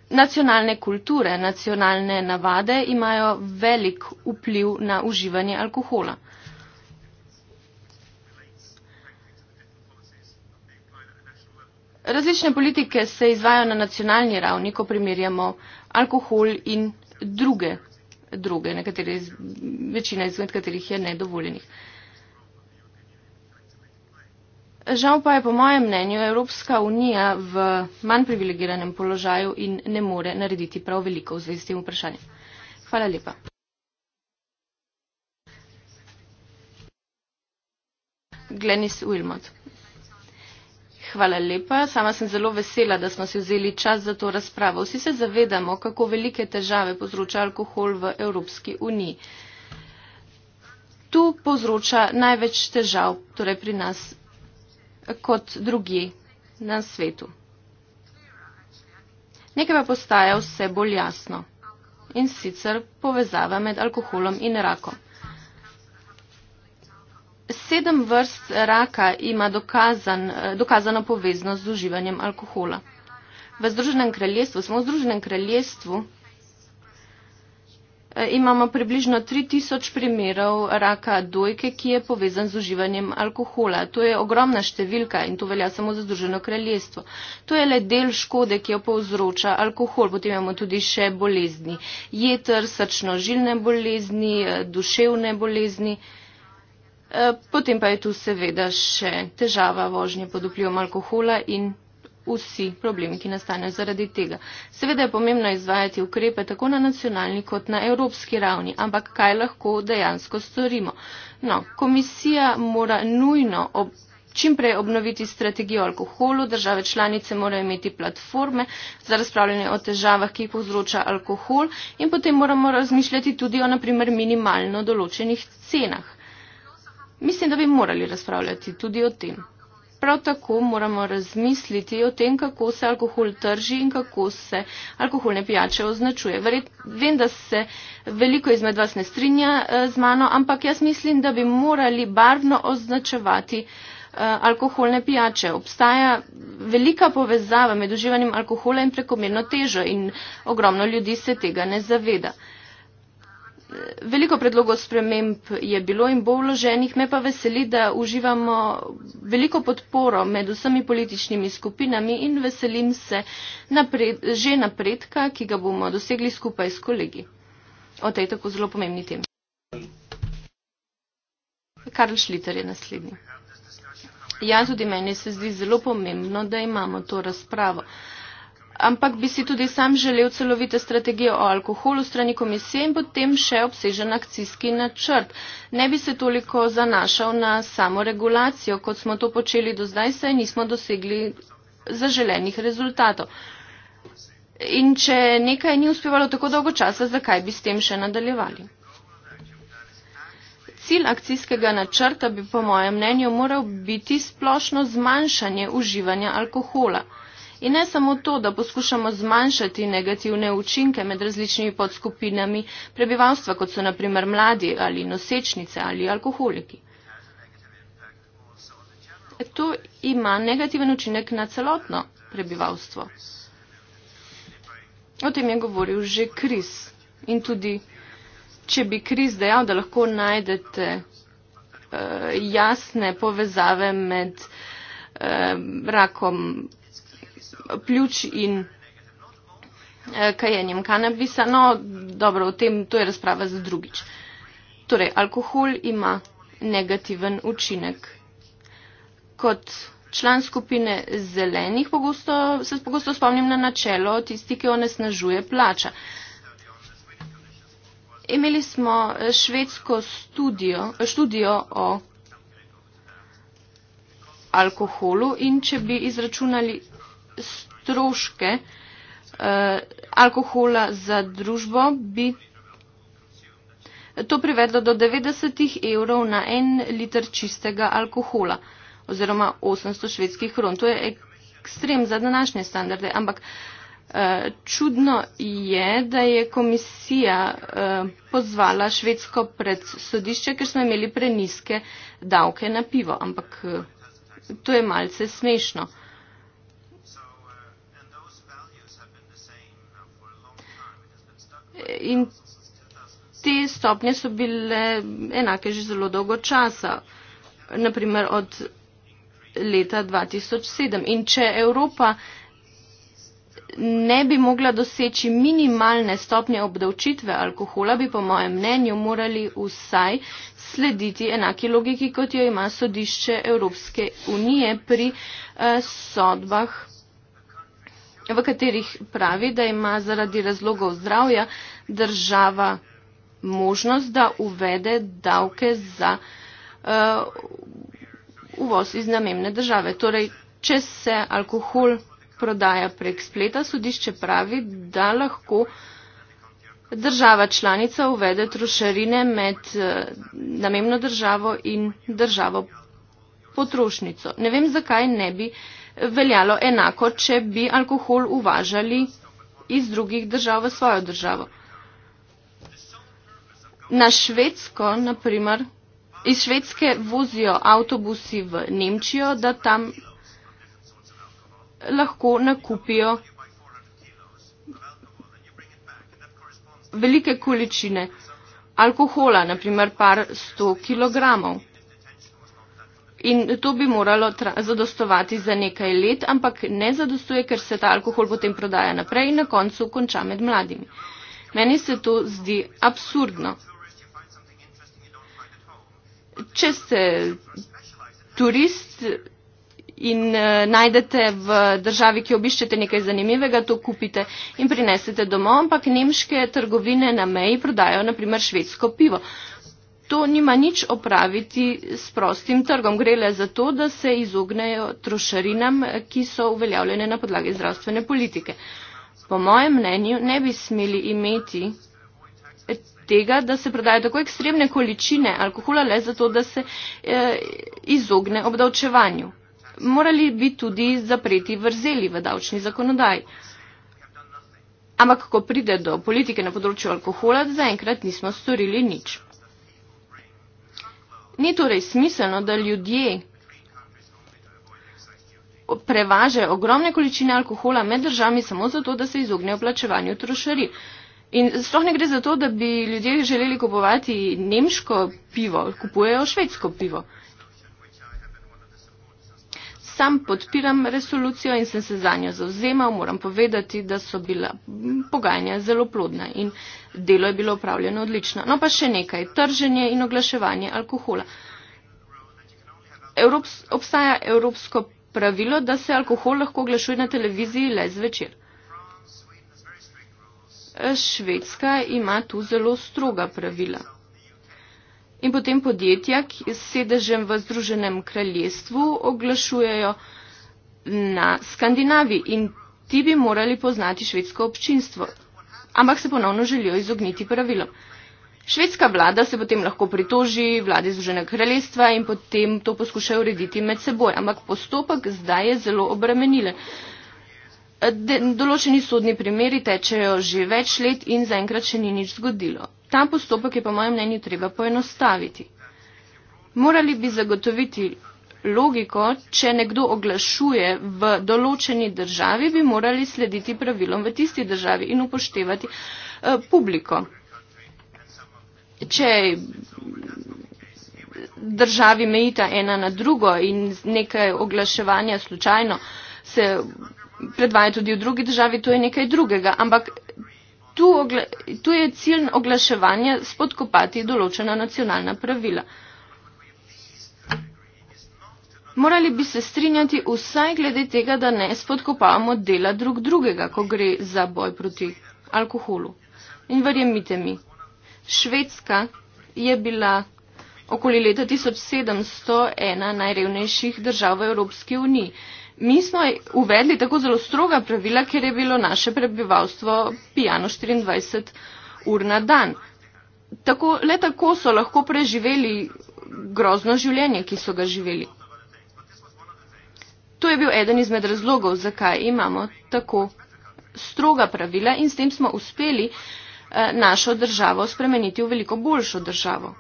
nacionalne kulture, nacionalne navade imajo velik vpliv na uživanje alkohola. Različne politike se izvajo na nacionalni ravni, ko primerjamo alkohol in druge droge, iz, večina izmed katerih je nedovoljenih. Žal pa je po mojem mnenju Evropska unija v manj privilegiranem položaju in ne more narediti prav veliko v zvezi s tem vprašanjem. Hvala lepa. Glenis Wilmot. Hvala lepa. Sama sem zelo vesela, da smo si vzeli čas za to razpravo. Vsi se zavedamo, kako velike težave povzroča alkohol v Evropski uniji. Tu povzroča največ težav, torej pri nas, kot drugi na svetu. Nekaj pa postaja vse bolj jasno in sicer povezava med alkoholom in rakom sedem vrst raka ima dokazan, dokazano poveznost z uživanjem alkohola. V Združenem kraljestvu, smo v Združenem kraljestvu, eh, imamo približno 3000 primerov raka dojke, ki je povezan z uživanjem alkohola. To je ogromna številka in to velja samo za Združeno kraljestvo. To je le del škode, ki jo povzroča alkohol. Potem imamo tudi še bolezni. Jeter, srčno-žilne bolezni, eh, duševne bolezni. Eh, potem pa je tu seveda še težava vožnje pod vplivom alkohola in vsi problemi, ki nastanejo zaradi tega. Seveda je pomembno izvajati ukrepe tako na nacionalni kot na evropski ravni, ampak kaj lahko dejansko storimo? No, komisija mora nujno ob, čimprej obnoviti strategijo alkoholu, države članice morajo imeti platforme za razpravljanje o težavah, ki jih povzroča alkohol in potem moramo razmišljati tudi o naprimer minimalno določenih cenah. Mislim, da bi morali razpravljati tudi o tem. Prav tako moramo razmisliti o tem, kako se alkohol trži in kako se alkoholne pijače označuje. Verjet, vem, da se veliko izmed vas ne strinja eh, z mano, ampak jaz mislim, da bi morali barvno označevati eh, alkoholne pijače. Obstaja velika povezava med uživanjem alkohola in prekomerno težo in ogromno ljudi se tega ne zaveda veliko predlogov sprememb je bilo in bo vloženih, me pa veseli, da uživamo veliko podporo med vsemi političnimi skupinami in veselim se napred, že napredka, ki ga bomo dosegli skupaj s kolegi o tej tako zelo pomembni temi. Karl Šliter je naslednji. Ja, tudi meni se zdi zelo pomembno, da imamo to razpravo ampak bi si tudi sam želel celovite strategije o alkoholu strani komisije in potem še obsežen akcijski načrt. Ne bi se toliko zanašal na samo regulacijo, kot smo to počeli do zdaj, saj nismo dosegli zaželenih rezultatov. In če nekaj ni uspevalo tako dolgo časa, zakaj bi s tem še nadaljevali? Cilj akcijskega načrta bi po mojem mnenju moral biti splošno zmanjšanje uživanja alkohola. In ne samo to, da poskušamo zmanjšati negativne učinke med različnimi podskupinami prebivalstva, kot so naprimer mladi ali nosečnice ali alkoholiki. To ima negativen učinek na celotno prebivalstvo. O tem je govoril že kriz. In tudi, če bi kriz dejal, da lahko najdete uh, jasne povezave med uh, rakom pljuč in eh, kajenjem kanabisa. No, dobro, o tem to je razprava za drugič. Torej, alkohol ima negativen učinek. Kot član skupine zelenih pogosto, se pogosto spomnim na načelo tisti, ki onesnažuje plača. Imeli smo eh, švedsko studio, študijo o alkoholu in če bi izračunali stroške eh, alkohola za družbo bi to privedlo do 90 evrov na en liter čistega alkohola oziroma 800 švedskih kron. To je ekstrem za današnje standarde, ampak eh, čudno je, da je komisija eh, pozvala švedsko pred sodišče, ker smo imeli preniske davke na pivo, ampak to je malce smešno. in te stopnje so bile enake že zelo dolgo časa, naprimer od leta 2007. In če Evropa ne bi mogla doseči minimalne stopnje obdavčitve alkohola, bi po mojem mnenju morali vsaj slediti enaki logiki, kot jo ima sodišče Evropske unije pri eh, sodbah v katerih pravi, da ima zaradi razlogov zdravja država možnost, da uvede davke za uh, uvoz iz namemne države. Torej, če se alkohol prodaja prek spleta, sodišče pravi, da lahko država članica uvede trošarine med uh, eh, namemno državo in državo potrošnico. Ne vem, zakaj ne bi uh, veljalo enako, če bi alkohol uvažali iz drugih držav v svojo državo. Na Švedsko, naprimer, iz Švedske vozijo avtobusi v Nemčijo, da tam lahko nakupijo velike količine alkohola, naprimer par sto kilogramov. In to bi moralo zadostovati za nekaj let, ampak ne zadostuje, ker se ta alkohol potem prodaja naprej in na koncu konča med mladimi. Meni se to zdi absurdno. Če ste turist in uh, najdete v državi, ki obiščete nekaj zanimivega, to kupite in prinesete domov, ampak nemške trgovine na meji prodajo naprimer švedsko pivo. To nima nič opraviti s prostim trgom. Gre le za to, da se izognejo trošarinam, ki so uveljavljene na podlagi zdravstvene politike. Po mojem mnenju ne bi smeli imeti tega, da se prodajo tako ekstremne količine alkohola le zato, da se eh, izogne obdavčevanju. Morali bi tudi zapreti vrzeli v davčni zakonodaj. Ampak, ko pride do politike na področju alkohola, zaenkrat nismo storili nič. Ni torej smiselno, da ljudje prevažajo ogromne količine alkohola med državami samo zato, da se izognejo plačevanju trošari. In sploh ne gre za to, da bi ljudje želeli kupovati nemško pivo, kupujejo švedsko pivo sam podpiram resolucijo in sem se za njo zauzemal. Moram povedati, da so bila pogajanja zelo plodna in delo je bilo upravljeno odlično. No pa še nekaj, trženje in oglaševanje alkohola. Evrops, obstaja evropsko pravilo, da se alkohol lahko oglašuje na televiziji le zvečer. Švedska ima tu zelo stroga pravila in potem podjetja s sedežem v Združenem kraljestvu oglašujejo na Skandinavi in ti bi morali poznati švedsko občinstvo, ampak se ponovno želijo izogniti pravilom. Švedska vlada se potem lahko pritoži vlade Združenega kraljestva in potem to poskušajo urediti med seboj, ampak postopek zdaj je zelo obremenilen. Določeni sodni primeri tečejo že več let in zaenkrat še ni nič zgodilo. Ta postopek je po mojem mnenju treba poenostaviti. Morali bi zagotoviti logiko, če nekdo oglašuje v določeni državi, bi morali slediti pravilom v tisti državi in upoštevati eh, publiko. Če državi mejita ena na drugo in nekaj oglaševanja slučajno se predvajati tudi v drugi državi, to je nekaj drugega. Ampak tu, ogla, tu je cilj oglaševanja spodkopati določena nacionalna pravila. Morali bi se strinjati vsaj glede tega, da ne spodkopavamo dela drug drugega, ko gre za boj proti alkoholu. In verjemite mi, Švedska je bila okoli leta 1701 najrevnejših držav v Evropski uniji mi smo uvedli tako zelo stroga pravila, ker je bilo naše prebivalstvo pijano 24 ur na dan. Tako, le tako so lahko preživeli grozno življenje, ki so ga živeli. To je bil eden izmed razlogov, zakaj imamo tako stroga pravila in s tem smo uspeli eh, našo državo spremeniti v veliko boljšo državo.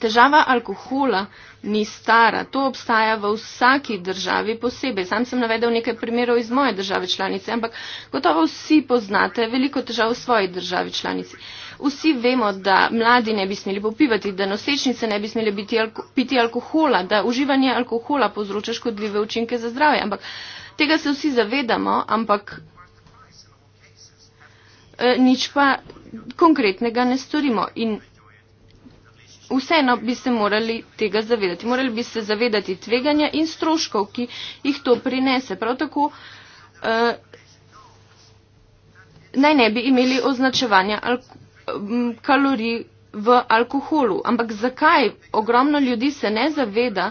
Težava alkohola ni stara. To obstaja v vsaki državi posebej. Sam sem navedel nekaj primerov iz moje države članice, ampak gotovo vsi poznate veliko težav v svoji državi članici. Vsi vemo, da mladi ne bi smeli popivati, da nosečnice ne bi smeli alko piti alkohola, da uživanje alkohola povzroča škodljive učinke za zdravje. Ampak tega se vsi zavedamo, ampak eh, nič pa konkretnega ne storimo. In Vseeno bi se morali tega zavedati. Morali bi se zavedati tveganja in stroškov, ki jih to prinese. Prav tako eh, naj ne bi imeli označevanja kalorij v alkoholu. Ampak zakaj ogromno ljudi se ne zaveda,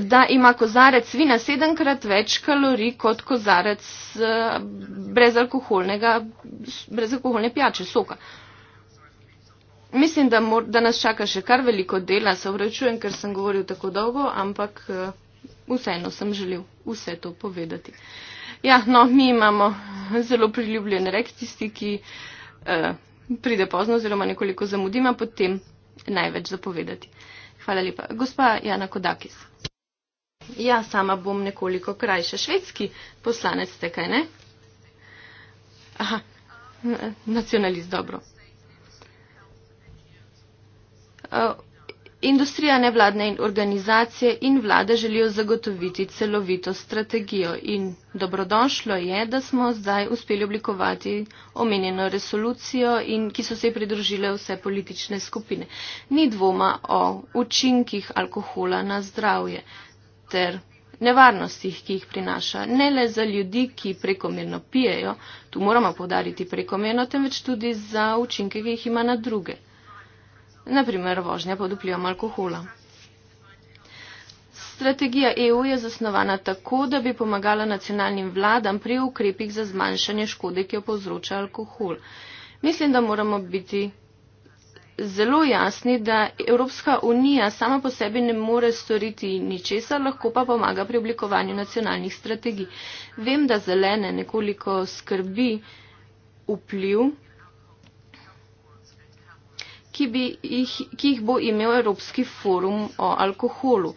da ima kozarec vina sedemkrat več kalorij kot kozarec eh, brez, brez alkoholne pijače, soka? Eh, mislim, da, mor, da nas čaka še kar veliko dela, se vračujem, ker sem govoril tako dolgo, ampak eh, vseeno sem želel vse to povedati. Ja, no, mi imamo zelo priljubljen rek, tisti, ki eh, pride pozno oziroma nekoliko zamudima, potem največ zapovedati. Hvala lepa. Gospa Jana Kodakis. Ja, sama bom nekoliko krajša. Švedski poslanec ste, kaj ne? Aha, nacionalist, dobro. Eh, industrija, nevladne organizacije in vlada želijo zagotoviti celovito strategijo in dobrodošlo je, da smo zdaj uspeli oblikovati omenjeno resolucijo in ki so se pridružile vse politične skupine. Ni dvoma o učinkih alkohola na zdravje ter nevarnostih, ki jih prinaša ne le za ljudi, ki prekomerno pijejo, tu moramo podariti prekomerno, temveč tudi za učinke, ki jih ima na druge na primer vožnja pod vplivom alkohola. Strategija EU je zasnovana tako, da bi pomagala nacionalnim vladam pri ukrepih za zmanjšanje škode, ki jo povzroča alkohol. Mislim, da moramo biti zelo jasni, da Evropska unija sama po sebi ne more storiti ničesar, lahko pa pomaga pri oblikovanju nacionalnih strategij. Vem, da zelene nekoliko skrbi vpliv ki, bi jih, ki jih bo imel Evropski forum o alkoholu.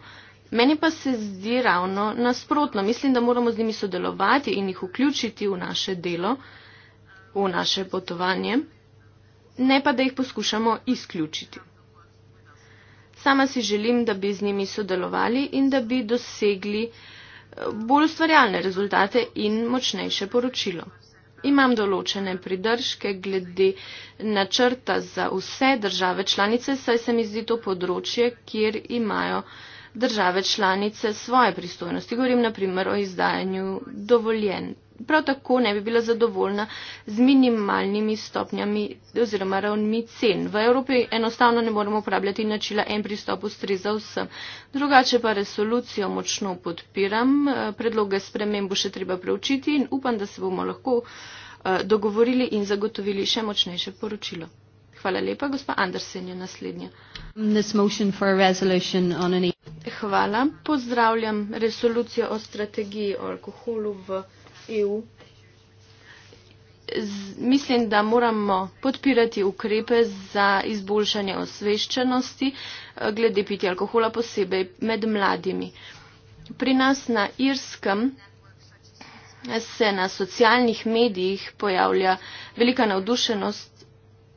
Meni pa se zdi ravno nasprotno. Mislim, da moramo z njimi sodelovati in jih vključiti v naše delo, v naše potovanje, ne pa da jih poskušamo izključiti. Sama si želim, da bi z njimi sodelovali in da bi dosegli eh, bolj ustvarjalne rezultate in močnejše poročilo imam določene pridržke glede načrta za vse države članice, saj se mi zdi to področje, kjer imajo države članice svoje pristojnosti. Govorim na primer o izdajanju dovoljen. Prav tako ne bi bila zadovoljna z minimalnimi stopnjami oziroma ravnmi cen. V Evropi enostavno ne moremo uporabljati načela en pristop ustreza vsem. Drugače pa resolucijo močno podpiram. Eh, predloge sprememb bo še treba preučiti in upam, da se bomo lahko eh, dogovorili in zagotovili še močnejše poročilo. Hvala lepa, gospa Andersen je naslednja. E- Hvala. Pozdravljam resolucijo o strategiji o alkoholu v EU. Z, mislim, da moramo podpirati ukrepe za izboljšanje osveščenosti eh, glede piti alkohola, posebej med mladimi. Pri nas na Irskem se na socialnih medijih pojavlja velika navdušenost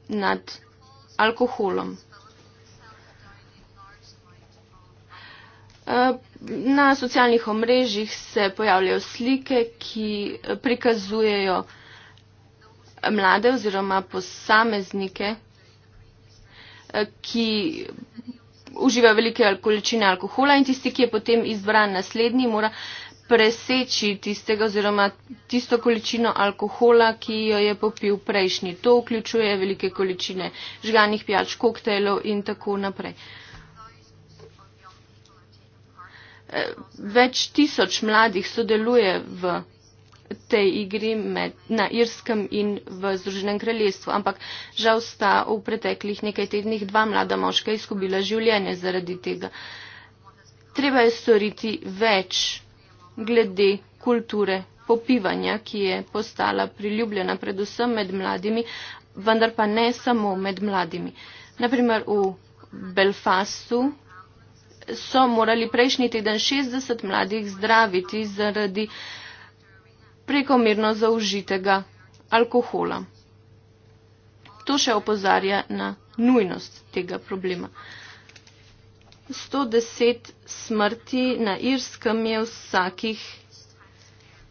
nad alkoholom. Eh, na socialnih omrežjih se pojavljajo slike, ki prikazujejo mlade oziroma posameznike, eh, ki uživajo velike količine alkohola in tisti, ki je potem izbran naslednji, mora preseči tistega oziroma tisto količino alkohola, ki jo je popil prejšnji. To vključuje velike količine žganih pijač, koktejlov in tako naprej. Eh, več tisoč mladih sodeluje v tej igri med, na Irskem in v Združenem kraljestvu, ampak žal sta v preteklih nekaj tednih dva mlada moška izgubila življenje zaradi tega. Treba je storiti več glede kulture popivanja, ki je postala priljubljena predvsem med mladimi, vendar pa ne samo med mladimi. Naprimer v Belfastu so morali prejšnji teden 60 mladih zdraviti zaradi prekomerno zaužitega alkohola. To še opozarja na nujnost tega problema. 110 smrti na Irskem je vsakih,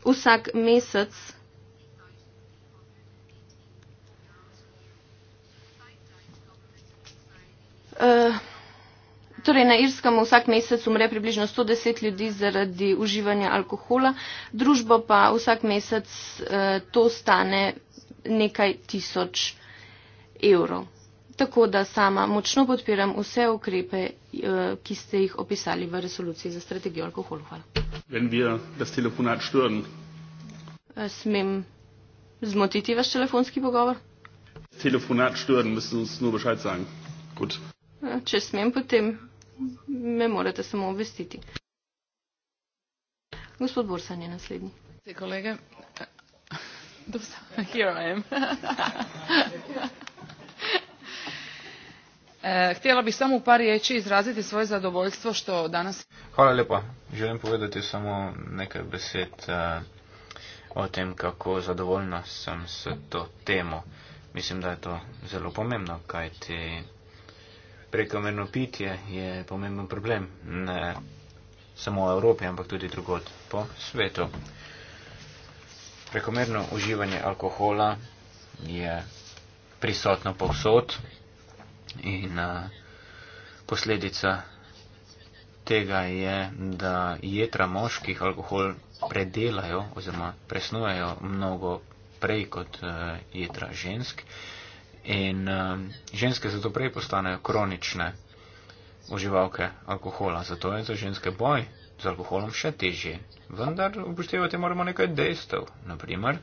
vsak mesec. Uh, torej na Irskem vsak mesec umre približno 110 ljudi zaradi uživanja alkohola, družbo pa vsak mesec uh, to stane nekaj tisoč evrov. Tako da sama močno podpiram vse ukrepe, eh, ki ste jih opisali v resoluciji za strategijo alkoholu. Hvala. Stören, eh, Smem zmotiti vaš telefonski pogovor? Telefonat stören, müssen uns nur Bescheid sagen. Gut. Eh, če smem, potem me morate samo obvestiti. Gospod Borsan je naslednji. Kolege, [LAUGHS] here I am. [LAUGHS] E, htjela bih samo u par riječi izraziti svoje zadovoljstvo što danas... Hvala lijepa. Želim povedati samo nekaj besed e, o tem kako zadovoljna sam s to temo. Mislim da je to zelo pomembno, kaj ti prekomerno pitje je pomemben problem. Ne samo v Evropi, ampak tudi drugod po svetu. Prekomerno uživanje alkohola je prisotno povsod, In uh, posledica tega je, da jedra moških alkohol predelajo oziroma presnujejo mnogo prej kot uh, eh, jedra žensk. In uh, ženske zato prej postanejo kronične uživalke alkohola. Zato je za ženske boj z alkoholom še težji. Vendar upoštevati moramo nekaj dejstev. Naprimer,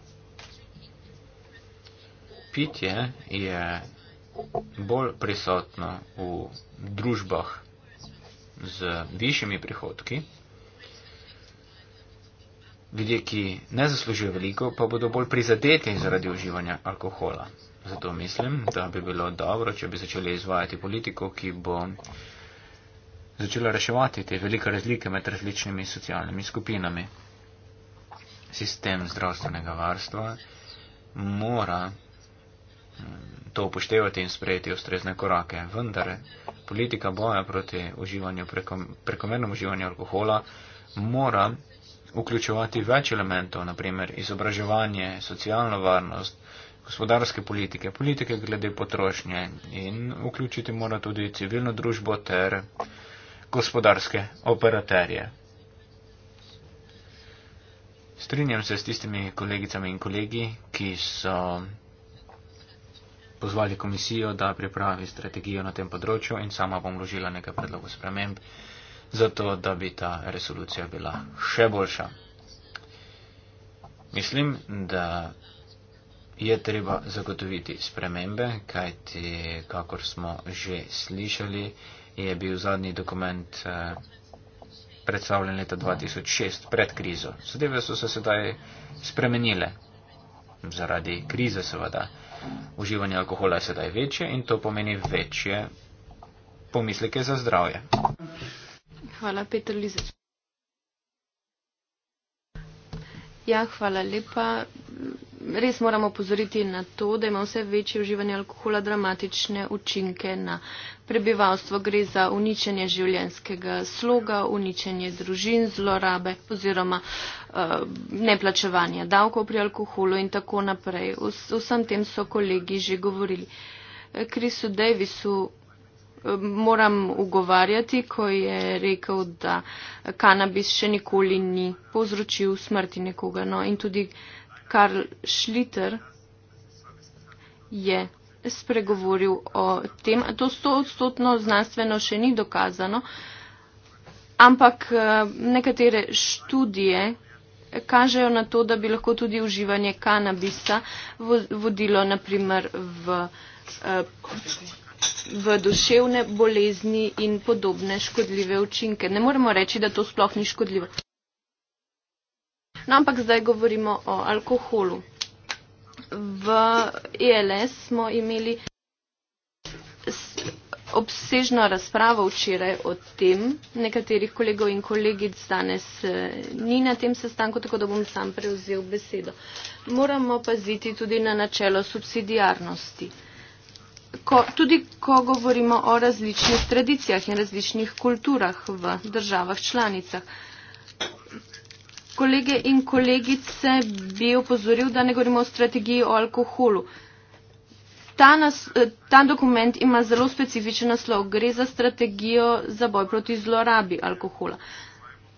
pitje je bolj prisotno v družbah z višjimi prihodki. Ljudje, ki ne zaslužijo veliko, pa bodo bolj prizadeti zaradi uživanja alkohola. Zato mislim, da bi bilo dobro, če bi začeli izvajati politiko, ki bo začela reševati te velike razlike med različnimi socialnimi skupinami. Sistem zdravstvenega varstva mora to upoštevati in sprejeti ustrezne korake. Vendar politika boja proti uživanju, prekomernemu uživanju alkohola mora vključevati več elementov, naprimer izobraževanje, socialno varnost, gospodarske politike, politike glede potrošnje in vključiti mora tudi civilno družbo ter gospodarske operaterje. Strinjam se s tistimi kolegicami in kolegi, ki so pozvali komisijo, da pripravi strategijo na tem področju in sama bom vložila nekaj predlogov sprememb, zato da bi ta resolucija bila še boljša. Mislim, da je treba zagotoviti spremembe, kajti, kakor smo že slišali, je bil zadnji dokument eh, predstavljen leta 2006 pred krizo. Zadeve so se sedaj spremenile, zaradi krize seveda. Uživanje alkohola je sedaj večje in to pomeni večje pomisleke za zdravje. Hvala, Petr Lizeč. Ja, hvala lepa res moramo pozoriti na to, da ima vse večje uživanje alkohola dramatične učinke na prebivalstvo. Gre za uničenje življenskega sloga, uničenje družin, zlorabe oziroma eh, neplačevanje davkov pri alkoholu in tako naprej. Vsem tem so kolegi že govorili. Krisu eh, Davisu eh, moram ugovarjati, ko je rekel, da kanabis še nikoli ni povzročil smrti nekoga. No, in tudi Karl Schlitter je spregovoril o tem. To stoodstotno znanstveno še ni dokazano, ampak eh, nekatere študije kažejo na to, da bi lahko tudi uživanje kanabisa vodilo naprimer v, eh, v duševne bolezni in podobne škodljive učinke. Ne moremo reči, da to sploh ni škodljivo. No, ampak zdaj govorimo o alkoholu. V ILS e smo imeli obsežno razpravo včeraj o tem. Nekaterih kolegov in kolegic danes eh, ni na tem sestanku, tako da bom sam prevzel besedo. Moramo paziti tudi na načelo subsidijarnosti. Ko, tudi ko govorimo o različnih tradicijah in različnih kulturah v državah članicah kolege in kolegice bi upozoril, da ne govorimo o strategiji o alkoholu. Ta, nas, eh, ta dokument ima zelo specifičen naslov. Gre za strategijo za boj proti zlorabi alkohola.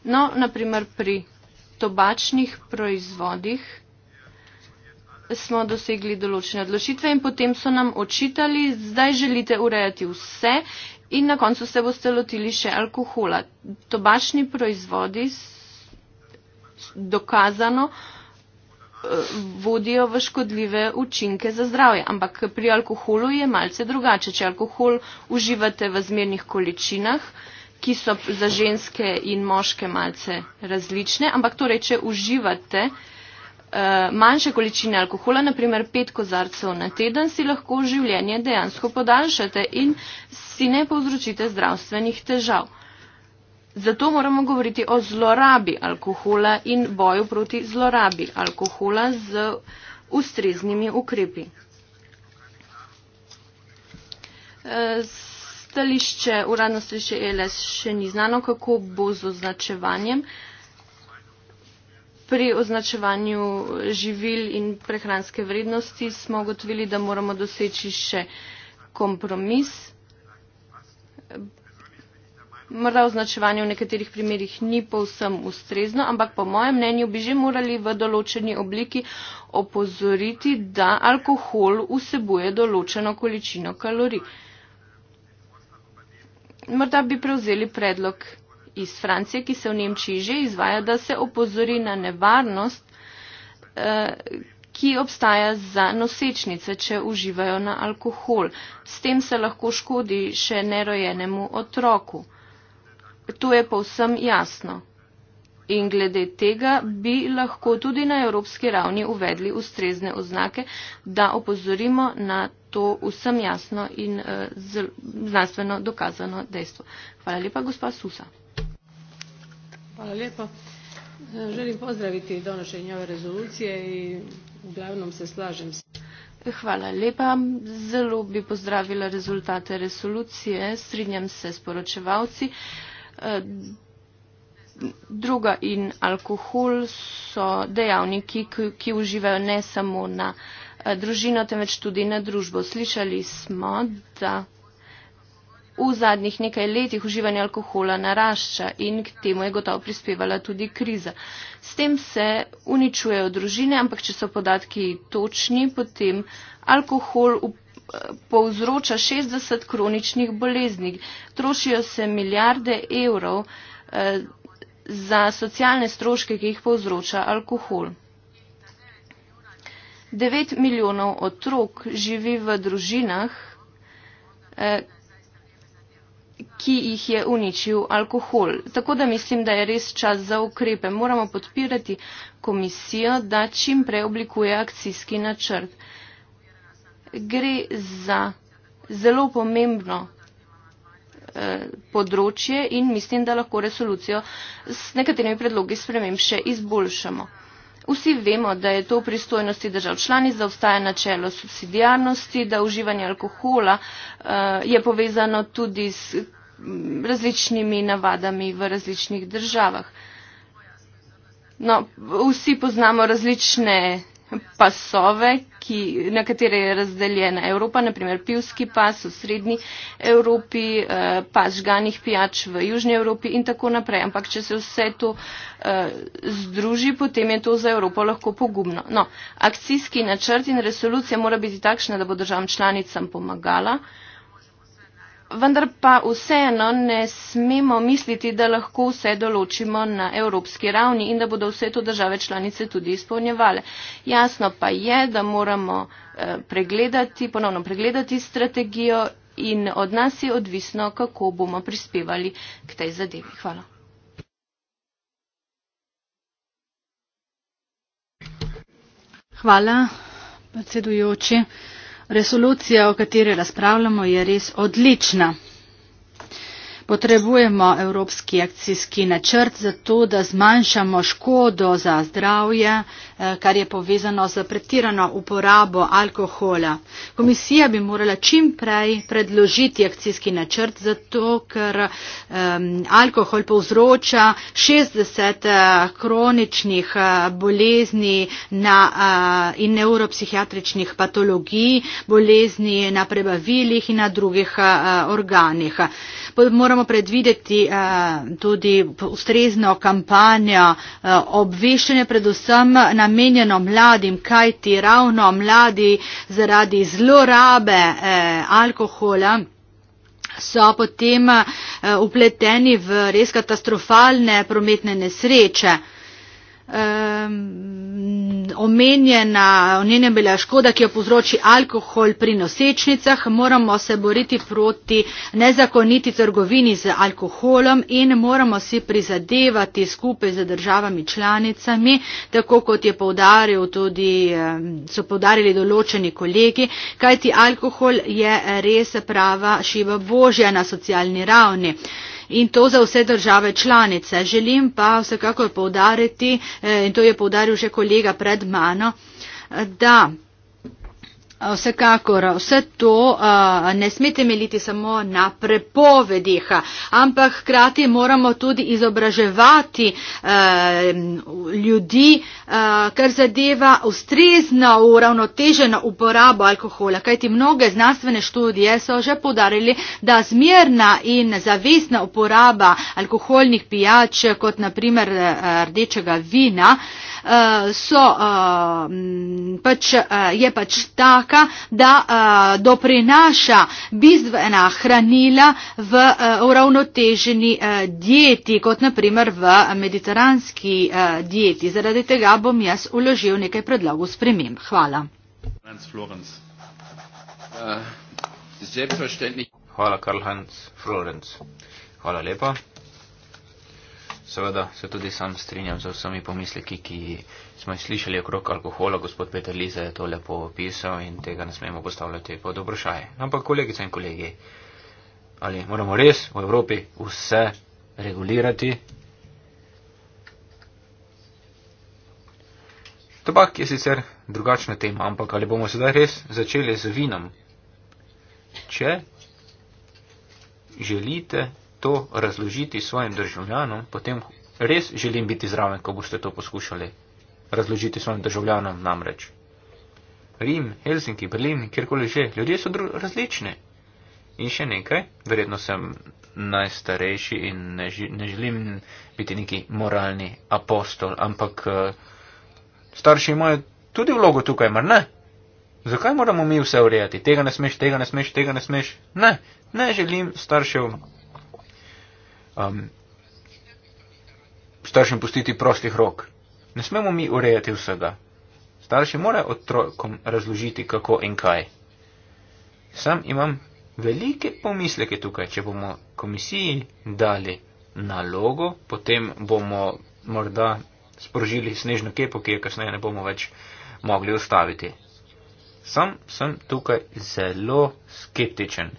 No, naprimer pri tobačnih proizvodih smo dosegli določene odločitve in potem so nam očitali, zdaj želite urejati vse in na koncu se boste lotili še alkohola. Tobačni proizvodi dokazano eh, vodijo v škodljive učinke za zdravje. Ampak pri alkoholu je malce drugače. Če alkohol uživate v zmernih količinah, ki so za ženske in moške malce različne, ampak torej, če uživate eh, manjše količine alkohola, naprimer pet kozarcev na teden, si lahko življenje dejansko podaljšate in si ne povzročite zdravstvenih težav. Zato moramo govoriti o zlorabi alkohola in boju proti zlorabi alkohola z ustreznimi ukrepi. E, stališče, uradno stališče ELS še ni znano, kako bo z označevanjem. Pri označevanju živil in prehranske vrednosti smo gotovili, da moramo doseči še kompromis morda označevanje v nekaterih primerjih ni povsem ustrezno, ampak po mojem mnenju bi že morali v določeni obliki opozoriti, da alkohol vsebuje določeno količino kalorij. Morda bi prevzeli predlog iz Francije, ki se v Nemčiji že izvaja, da se opozori na nevarnost, eh, ki obstaja za nosečnice, če uživajo na alkohol. S tem se lahko škodi še nerojenemu otroku. To je povsem jasno. In glede tega bi lahko tudi na evropski ravni uvedli ustrezne oznake, da opozorimo na to vsem jasno in eh, znanstveno dokazano dejstvo. Hvala lepa, gospa Susa. Hvala lepa. Eh, želim pozdraviti donošenje ove rezolucije in v glavnem se slažem s. Hvala lepa. Zelo bi pozdravila rezultate resolucije. Strinjam se s poročevalci. Uh, Druga in alkohol so dejavniki, ki uživajo ne samo na eh, družino, temveč tudi na družbo. Slišali smo, da v zadnjih nekaj letih uživanje alkohola narašča in k temu je gotovo prispevala tudi kriza. S tem se uničujejo družine, ampak če so podatki točni, potem alkohol uporablja povzroča 60 kroničnih bolezni. Trošijo se milijarde evrov eh, za socialne stroške, ki jih povzroča alkohol. 9 milijonov otrok živi v družinah, eh, ki jih je uničil alkohol. Tako da mislim, da je res čas za ukrepe. Moramo podpirati komisijo, da čim prej oblikuje akcijski načrt gre za zelo pomembno eh, področje in mislim, da lahko resolucijo s nekaterimi predlogi sprememb še izboljšamo. Vsi vemo, da je to v pristojnosti držav članic, da obstaja načelo subsidijarnosti, da uživanje alkohola eh, je povezano tudi s mm, različnimi navadami v različnih državah. No, vsi poznamo različne pasove, ki, na katere je razdeljena Evropa, naprimer pivski pas v srednji Evropi, eh, pas žganih pijač v južni Evropi in tako naprej. Ampak če se vse to eh, združi, potem je to za Evropo lahko pogumno. No, akcijski načrt in resolucija mora biti takšna, da bo državam članicam pomagala vendar pa vseeno ne smemo misliti, da lahko vse določimo na evropski ravni in da bodo vse to države članice tudi izpolnjevale. Jasno pa je, da moramo eh, pregledati, ponovno pregledati strategijo in od nas je odvisno, kako bomo prispevali k tej zadevi. Hvala. Hvala, predsedujoči resolucija o kateri razpravljamo je res odlična. Potrebujemo evropski akcijski načrt za to, da zmanjšamo škodo za zdravje, eh, kar je povezano z pretirano uporabo alkohola. Komisija bi morala čim prej predložiti akcijski načrt za to, ker um, alkohol povzroča 60 eh, kroničnih eh, bolezni na, uh, in neuropsihiatričnih patologij, bolezni na prebavilih in na drugih uh, organih moramo predvideti eh, tudi ustrezno kampanjo eh, obveščanja, predvsem namenjeno mladim, kajti ravno mladi zaradi zlorabe eh, alkohola so potem upleteni v res katastrofalne prometne nesreče omenjena omenjena je bila škoda ki jo povzroči alkohol pri nosečnicah moramo se boriti proti nezakoniti trgovini z alkoholom in moramo si prizadevati skupaj z državami članicami tako kot je poudaril tudi so poudarili določeni kolegi kajti alkohol je res prava šiva božja na socialni ravni in to za vse države članice. Želim pa vsekakor povdariti, eh, in to je povdaril že kolega pred mano, eh, da Vsekakor, vse to uh, ne sme temeljiti samo na prepovedih, ampak hkrati moramo tudi izobraževati uh, ljudi, uh, kar zadeva ustrezno uravnoteženo uporabo alkohola. Kajti mnoge znanstvene študije so že podarili, da zmerna in zavestna uporaba alkoholnih pijač, kot naprimer e, rdečega vina, uh, Eh, so, eh, pač, eh, je pač taka, da doprinaša bistvena hranila v uravnoteženi dieti, kot naprimer v mediteranski dieti. Zaradi tega bom jaz uložil nekaj predlogov sprememb. Hvala. Hvala, Karl Heinz Florenc. Hvala lepa. Seveda se tudi sam strinjam z vsemi pomisleki, ki smo jih slišali okrog alkohola. Gospod Peter Liza je to lepo opisal in tega ne smemo postavljati pod vprašanje. Ampak, kolegice in kolegi, ali moramo res v Evropi vse regulirati? Tobak je sicer drugačna tema, ampak ali bomo sedaj res začeli z vinom? Če želite to razložiti svojim državljanom, potem res želim biti zraven, ko boste to poskušali razložiti svojim državljanom namreč. Rim, Helsinki, Berlin, kjerkoli že, ljudje so različni. In še nekaj, verjetno sem najstarejši in ne, ne želim biti neki moralni apostol, ampak uh, starši imajo tudi vlogo tukaj, mar ne? Zakaj moramo mi vse urejati? Tega ne smeš, tega ne smeš, tega ne smeš? Ne, ne želim staršev um, staršem pustiti prostih rok. Ne smemo mi urejati vsega. Starši morajo otrokom razložiti, kako in kaj. Sam imam velike pomisleke tukaj. Če bomo komisiji dali nalogo, potem bomo morda sprožili snežno kepo, ki je kasneje ne bomo več mogli ustaviti. Sam sem tukaj zelo skeptičen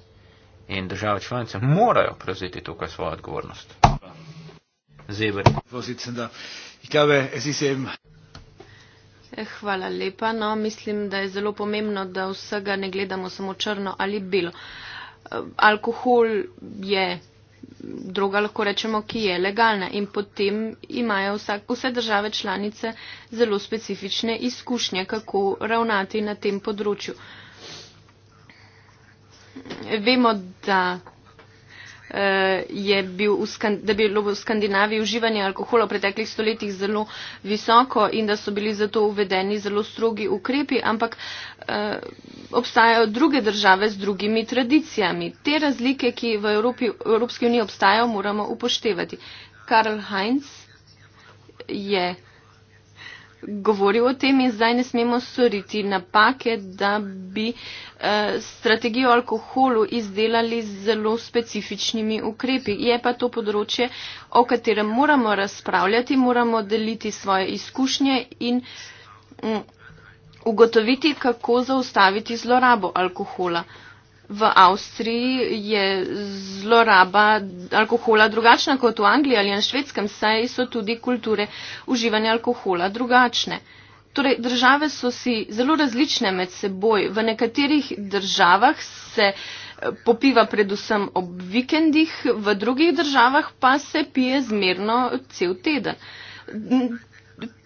in države članice morajo prevzeti tukaj svojo odgovornost. Eh, eh, hvala lepa. No, mislim, da je zelo pomembno, da vsega ne gledamo samo črno ali belo. Eh, alkohol je droga, lahko rečemo, ki je legalna in potem imajo vsak, vse države članice zelo specifične izkušnje, kako ravnati na tem področju vemo, da, uh, je bil v da je bilo v Skandinaviji uživanje alkohola v preteklih stoletjih zelo visoko in da so bili zato uvedeni zelo strogi ukrepi, ampak uh, obstajajo druge države z drugimi tradicijami. Te razlike, ki v, Evropi, v Evropski uniji obstajajo, moramo upoštevati. Karl Heinz je govoril o tem in zdaj ne smemo suriti napake, da bi eh, strategijo alkoholu izdelali z zelo specifičnimi ukrepi. Je pa to področje, o katerem moramo razpravljati, moramo deliti svoje izkušnje in mm, ugotoviti, kako zaustaviti zlorabo alkohola v Avstriji je zloraba alkohola drugačna kot v Angliji ali na švedskem, saj so tudi kulture uživanja alkohola drugačne. Torej, države so si zelo različne med seboj. V nekaterih državah se eh, popiva predvsem ob vikendih, v drugih državah pa se pije zmerno cel teden.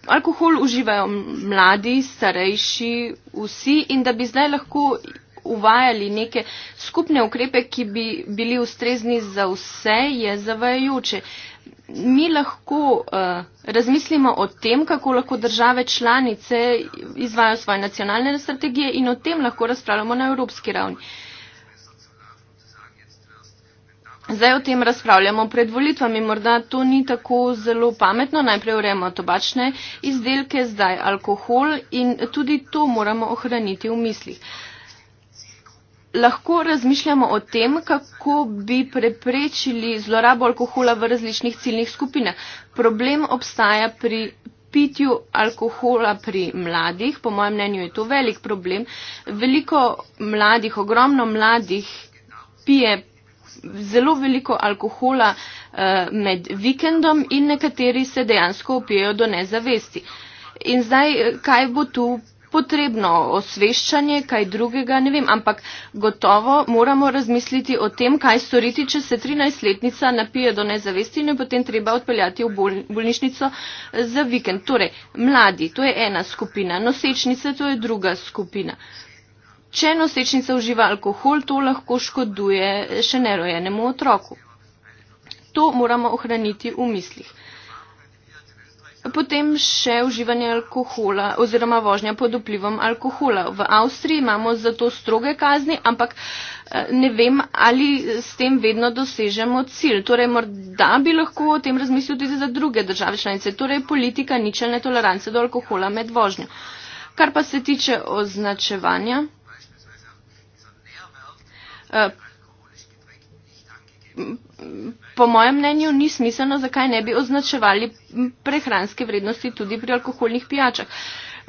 Alkohol uživajo mladi, starejši, vsi in da bi zdaj lahko uvajali neke skupne ukrepe, ki bi bili ustrezni za vse, je zavajajoče. Mi lahko uh, razmislimo o tem, kako lahko države članice izvajo svoje nacionalne strategije in o tem lahko razpravljamo na evropski ravni. Zdaj o tem razpravljamo pred volitvami, morda to ni tako zelo pametno. Najprej urejamo tobačne izdelke, zdaj alkohol in tudi to moramo ohraniti v mislih. Uh, lahko razmišljamo o tem, kako bi preprečili zlorabo alkohola v različnih ciljnih skupinah. Problem obstaja pri pitju alkohola pri mladih. Po mojem mnenju je to velik problem. Veliko mladih, ogromno mladih pije zelo veliko alkohola uh, med vikendom in nekateri se dejansko opijejo do nezavesti. In zdaj, eh, kaj bo tu potrebno osveščanje, kaj drugega, ne vem, ampak gotovo moramo razmisliti o tem, kaj storiti, če se 13-letnica napije do nezavesti in jo potem treba odpeljati v bol bolnišnico za vikend. Torej, mladi, to je ena skupina, nosečnice, to je druga skupina. Če nosečnica uživa alkohol, to lahko škoduje še nerojenemu otroku. To moramo ohraniti v mislih. Potem še uživanje alkohola oziroma vožnja pod vplivom alkohola. V Avstriji imamo za to stroge kazni, ampak eh, ne vem, ali s tem vedno dosežemo cilj. Torej, morda bi lahko o tem razmislil tudi za druge države članice. Torej, politika ničelne tolerance do alkohola med vožnjo. Kar pa se tiče označevanja. Eh, po mojem mnenju ni smiselno, zakaj ne bi označevali prehranske vrednosti tudi pri alkoholnih pijačah.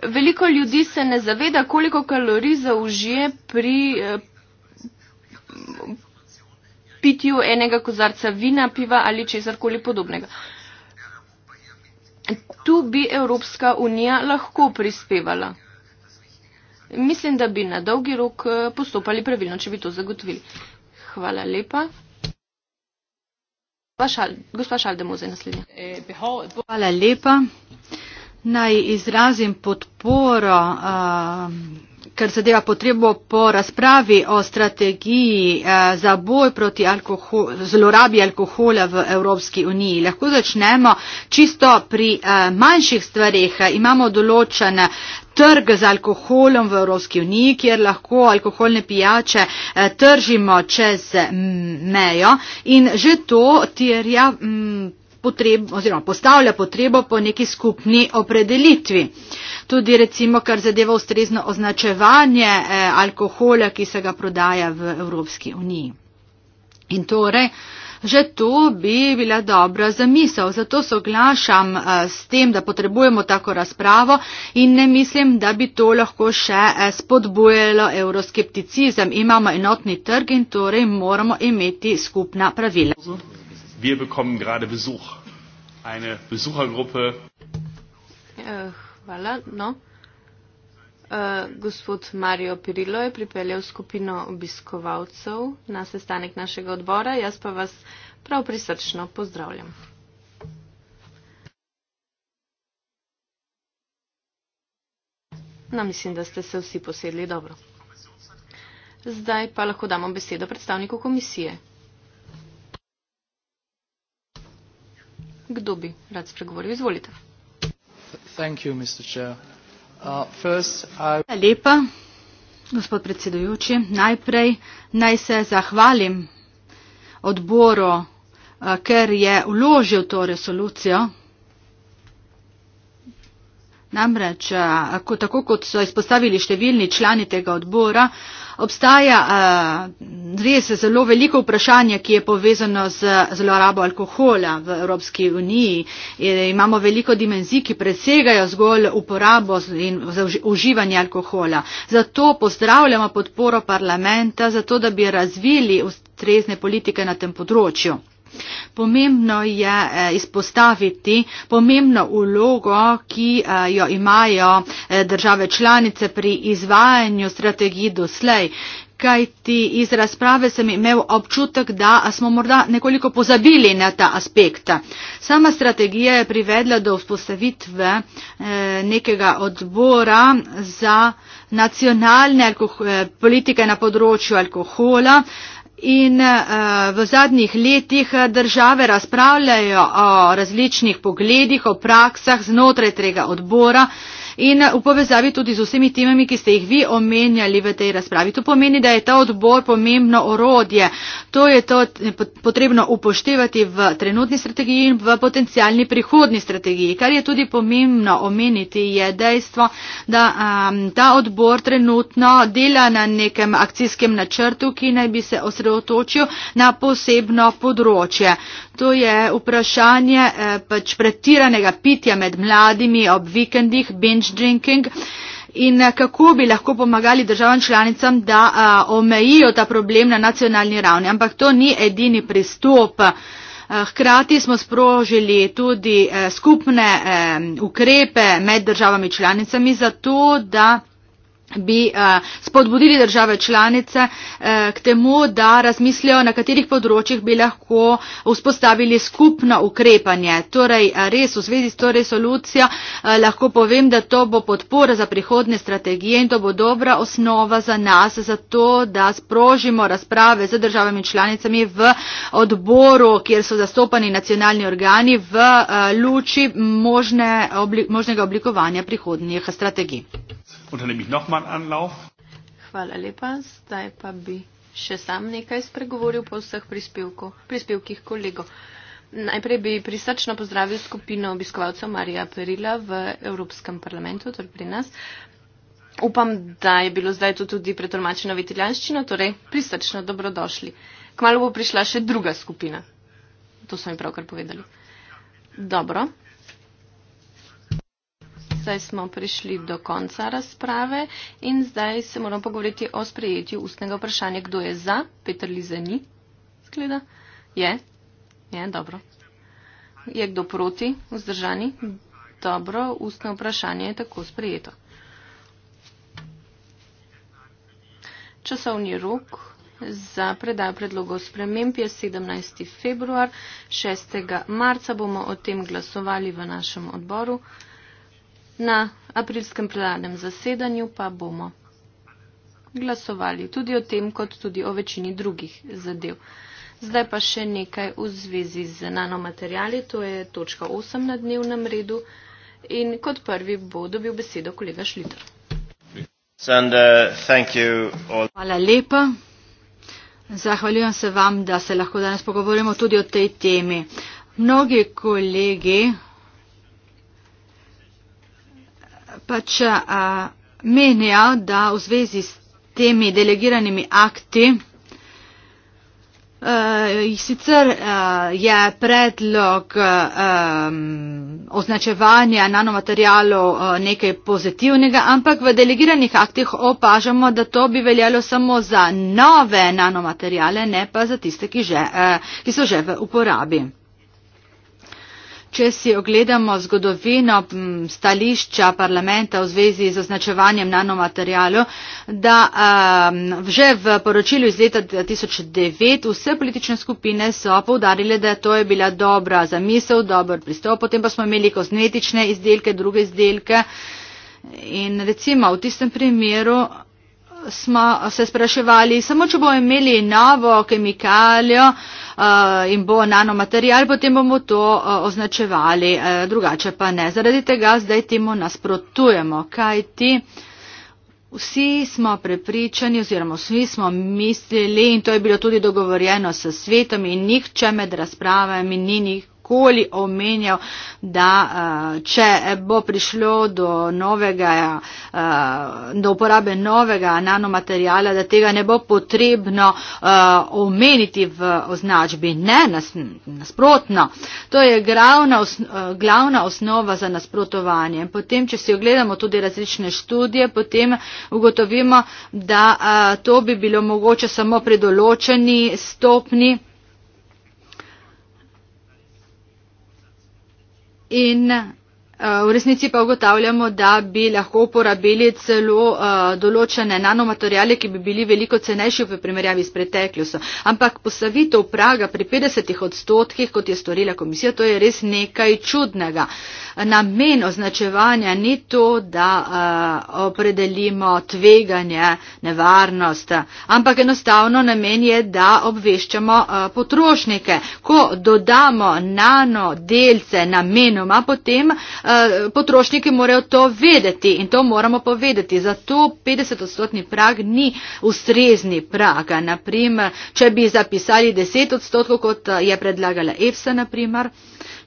Veliko ljudi se ne zaveda, koliko kalorij zaužije pri eh, pitju enega kozarca vina, piva ali česarkoli podobnega. Tu bi Evropska unija lahko prispevala. Mislim, da bi na dolgi rok eh, postopali pravilno, če bi to zagotovili. Hvala lepa. Gospa Šaldemoze, naslednja. Eh, Hvala lepa. Naj izrazim podporo uh, kar zadeva potrebo po razpravi o strategiji eh, za boj proti alkohol, zlorabi alkohola v Evropski uniji. Lahko začnemo čisto pri eh, manjših stvarih. Imamo določen trg z alkoholom v Evropski uniji, kjer lahko alkoholne pijače eh, tržimo čez mm, mejo in že to terja. Mm, potreb, oziroma postavlja potrebo po neki skupni opredelitvi. Tudi recimo, kar zadeva ustrezno označevanje eh, alkohola, ki se ga prodaja v Evropski uniji. In torej, že to bi bila dobra zamisel. Zato soglašam eh, s tem, da potrebujemo tako razpravo in ne mislim, da bi to lahko še eh, spodbujalo euroskepticizem. Imamo enotni trg in torej moramo imeti skupna pravila. Zato. Wir bekommen gerade Besuch. Eine Besuchergruppe. Äh, eh, voilà, no. Uh, gospod Mario Pirillo je pripeljal skupino obiskovalcev na sestanek našega odbora, jaz pa vas prav prisrčno pozdravljam. No, mislim, da ste se vsi posedli dobro. Zdaj pa lahko damo besedo predstavniku komisije. Kdo bi rad spregovoril? Izvolite. Uh, Hvala lepa, gospod predsedujoči. Najprej naj se zahvalim odboru, uh, ker je uložil to resolucijo Namreč, ako, eh, tako kot so izpostavili številni člani tega odbora, obstaja eh, res zelo veliko vprašanje, ki je povezano z zlorabo alkohola v Evropski uniji. Imamo veliko dimenzij, ki presegajo zgolj uporabo in uživanje alkohola. Zato pozdravljamo podporo parlamenta, zato da bi razvili ustrezne politike na tem področju. Pomembno je eh, izpostaviti pomembno ulogo, ki eh, jo imajo eh, države članice pri izvajanju strategij doslej. Kajti iz razprave sem imel občutek, da smo morda nekoliko pozabili na ta aspekt. Sama strategija je privedla do vzpostavitve nekega odbora za nacionalne politike na področju alkohola, In eh, v zadnjih letih eh, države razpravljajo o različnih pogledih, o praksah znotraj tega odbora in v povezavi tudi z vsemi temami, ki ste jih vi omenjali v tej razpravi. To pomeni, da je ta odbor pomembno orodje. To je to potrebno upoštevati v trenutni strategiji in v potencijalni prihodni strategiji. Kar je tudi pomembno omeniti je dejstvo, da um, ta odbor trenutno dela na nekem akcijskem načrtu, ki naj bi se osredotočil na posebno področje. To je vprašanje eh, pač pretiranega pitja med mladimi ob vikendih, binge binge drinking in eh, kako bi lahko pomagali državam članicam, da a, eh, omejijo ta problem na nacionalni ravni. Ampak to ni edini pristop. Eh, hkrati smo sprožili tudi skupne ukrepe med državami članicami za to, da bi uh, spodbudili države članice uh, k temu, da razmislijo, na katerih področjih bi lahko vzpostavili skupno ukrepanje. Torej, eh, res v zvezi s to resolucijo uh, lahko povem, da to bo podpora za prihodne strategije in to bo dobra osnova za nas, za to, da sprožimo razprave z državami članicami v odboru, kjer so zastopani nacionalni organi v uh, luči možne, obli, možnega oblikovanja prihodnjih strategij. Und dann nehme ich nochmal Anlauf. Hvala lepa, zdaj pa bi še sam nekaj spregovoril po vseh prispevkih kolegov. Najprej bi prisrčno pozdravil skupino obiskovalcev Marija Perila v Evropskem parlamentu, torej pri nas. Upam, da je bilo zdaj to tudi pretolmačeno v italijanščino, torej prisrčno dobrodošli. Kmalo bo prišla še druga skupina. To so mi pravkar povedali. Dobro zdaj smo prišli do konca razprave in zdaj se moramo pogovoriti o sprejetju ustnega vprašanja. Kdo je za? Petr Lize ni, skleda. Je? Je, dobro. Je kdo proti? Vzdržani? Dobro, ustno vprašanje je tako sprejeto. Časovni rok za predaj predlogov sprememb je 17. februar, 6. marca bomo o tem glasovali v našem odboru. Na aprilskem plenarnem zasedanju pa bomo glasovali tudi o tem, kot tudi o večini drugih zadev. Zdaj pa še nekaj v zvezi z nanomaterjali, to je točka 8 na dnevnem redu in kot prvi bo dobil besedo kolega Šliter. Uh, Hvala lepa. Zahvaljujem se vam, da se lahko danes pogovorimo tudi o tej temi. Mnogi kolegi pač a, menijo, da v zvezi s temi delegiranimi akti a, sicer a, je predlog a, označevanja nanomaterialov a, nekaj pozitivnega, ampak v delegiranih aktih opažamo, da to bi veljalo samo za nove nanomaterijale, ne pa za tiste, ki, že, a, ki so že v uporabi. Če si ogledamo zgodovino stališča parlamenta v zvezi z označevanjem nanomaterijalov, da um, že v poročilu iz leta 2009 vse politične skupine so povdarile, da to je bila dobra zamisel, dober pristop, potem pa smo imeli kozmetične izdelke, druge izdelke in recimo v tistem primeru smo se spraševali, samo če bomo imeli novo kemikalijo uh, in bo nanomaterial, potem bomo to uh, označevali, uh, drugače pa ne. Zaradi tega zdaj temu nasprotujemo, kajti vsi smo prepričani oziroma vsi smo mislili in to je bilo tudi dogovorjeno s svetom in nihče med razpravami ni nikoli nikoli omenjal, da eh, če bo prišlo do, novega, eh, do uporabe novega nanomaterijala, da tega ne bo potrebno eh, omeniti v označbi. Ne, nas, nasprotno. To je glavna, glavna osnova za nasprotovanje. Potem, če si ogledamo tudi različne študije, potem ugotovimo, da to bi bilo mogoče samo pri določeni stopni in Eh, v resnici pa ugotavljamo, da bi lahko uporabili celo eh, določene nanomaterijale, ki bi bili veliko cenejši v primerjavi s preteklostjo. Ampak postavitev praga pri 50 odstotkih, kot je storila komisija, to je res nekaj čudnega. Namen označevanja ni to, da eh, opredelimo tveganje, nevarnost, ampak enostavno namen je, da obveščamo potrošnike. Ko dodamo nanodelce namenoma, potem a, potrošniki morajo to vedeti in to moramo povedati. Zato 50 odstotni prag ni ustrezni prag. Naprimer, če bi zapisali 10 odstotkov, kot je predlagala EFSA, naprimer,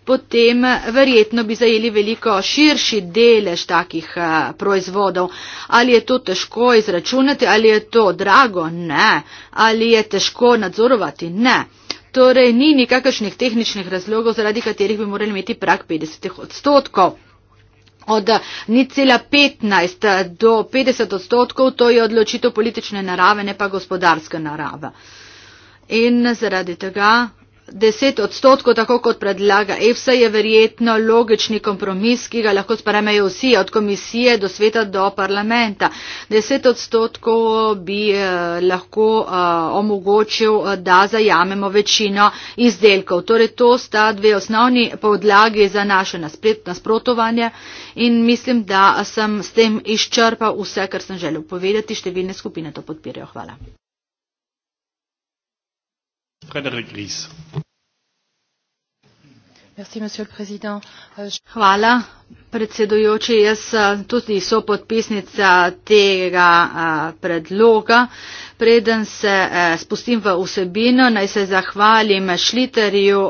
potem verjetno bi zajeli veliko širši delež takih proizvodov. Ali je to težko izračunati, ali je to drago? Ne. Ali je težko nadzorovati? Ne. Torej ni nikakršnih tehničnih razlogov, zaradi katerih bi morali imeti prak 50 odstotkov. Od ni cela 15 eh, do 50 odstotkov to je odločitev politične narave, ne pa gospodarske narave. In zaradi tega deset odstotkov tako kot predlaga efsa je verjetno logični kompromis ki ga lahko sprejmejo vsi od komisije do sveta do parlamenta deset odstotkov bi eh, lahko eh, omogočil eh, da zajamemo večino izdelkov torej to sta dve osnovni podlagi za naše nasprotovanje in mislim da sem s tem izčrpal vse kar sem želel povedati številne skupine to podpirajo hvala Euh, hvala predsedujoči jaz sem eh, tudi sopodpisnica tega eh, predloga preden se eh, spustim v vsebino naj se zahvalim šliterju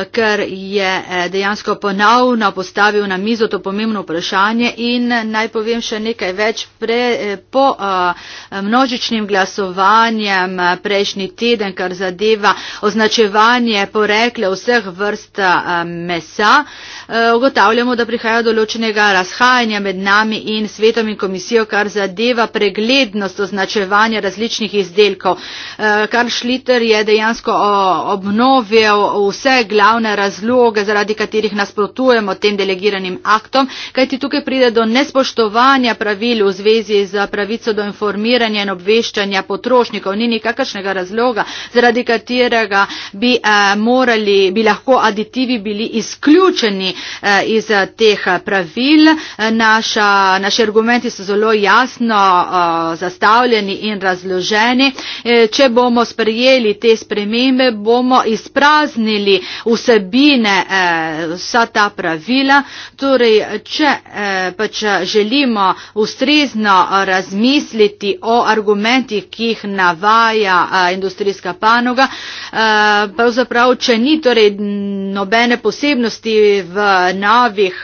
Eh, ker je eh, dejansko ponovno postavil na mizo to pomembno vprašanje in naj povem še nekaj več. Pre, eh, po množičnim glasovanjem prejšnji teden, kar zadeva označevanje porekle vseh vrst mesa, ugotavljamo, da prihaja določenega razhajanja med nami in svetom in komisijo, kar zadeva preglednost označevanja različnih izdelkov. Karl Schlitter je dejansko obnovil vse glasovanje, glavne razloge, zaradi katerih nasprotujemo tem delegiranim aktom, kajti tukaj pride do nespoštovanja pravil v zvezi z pravico do informiranja in obveščanja potrošnikov. Ni nikakršnega razloga, zaradi katerega bi, eh, morali, bi lahko aditivi bili izključeni eh, iz eh, teh eh, pravil. Eh, naša, naši argumenti so zelo jasno eh, zastavljeni in razloženi. Eh, če bomo sprejeli te spremembe, bomo izpraznili vsebine, eh, vsa ta pravila. Torej, če eh, pač želimo ustrezno eh, razmisliti o argumentih, ki jih navaja industrijska panoga, pravzaprav, če ni torej nobene posebnosti v novih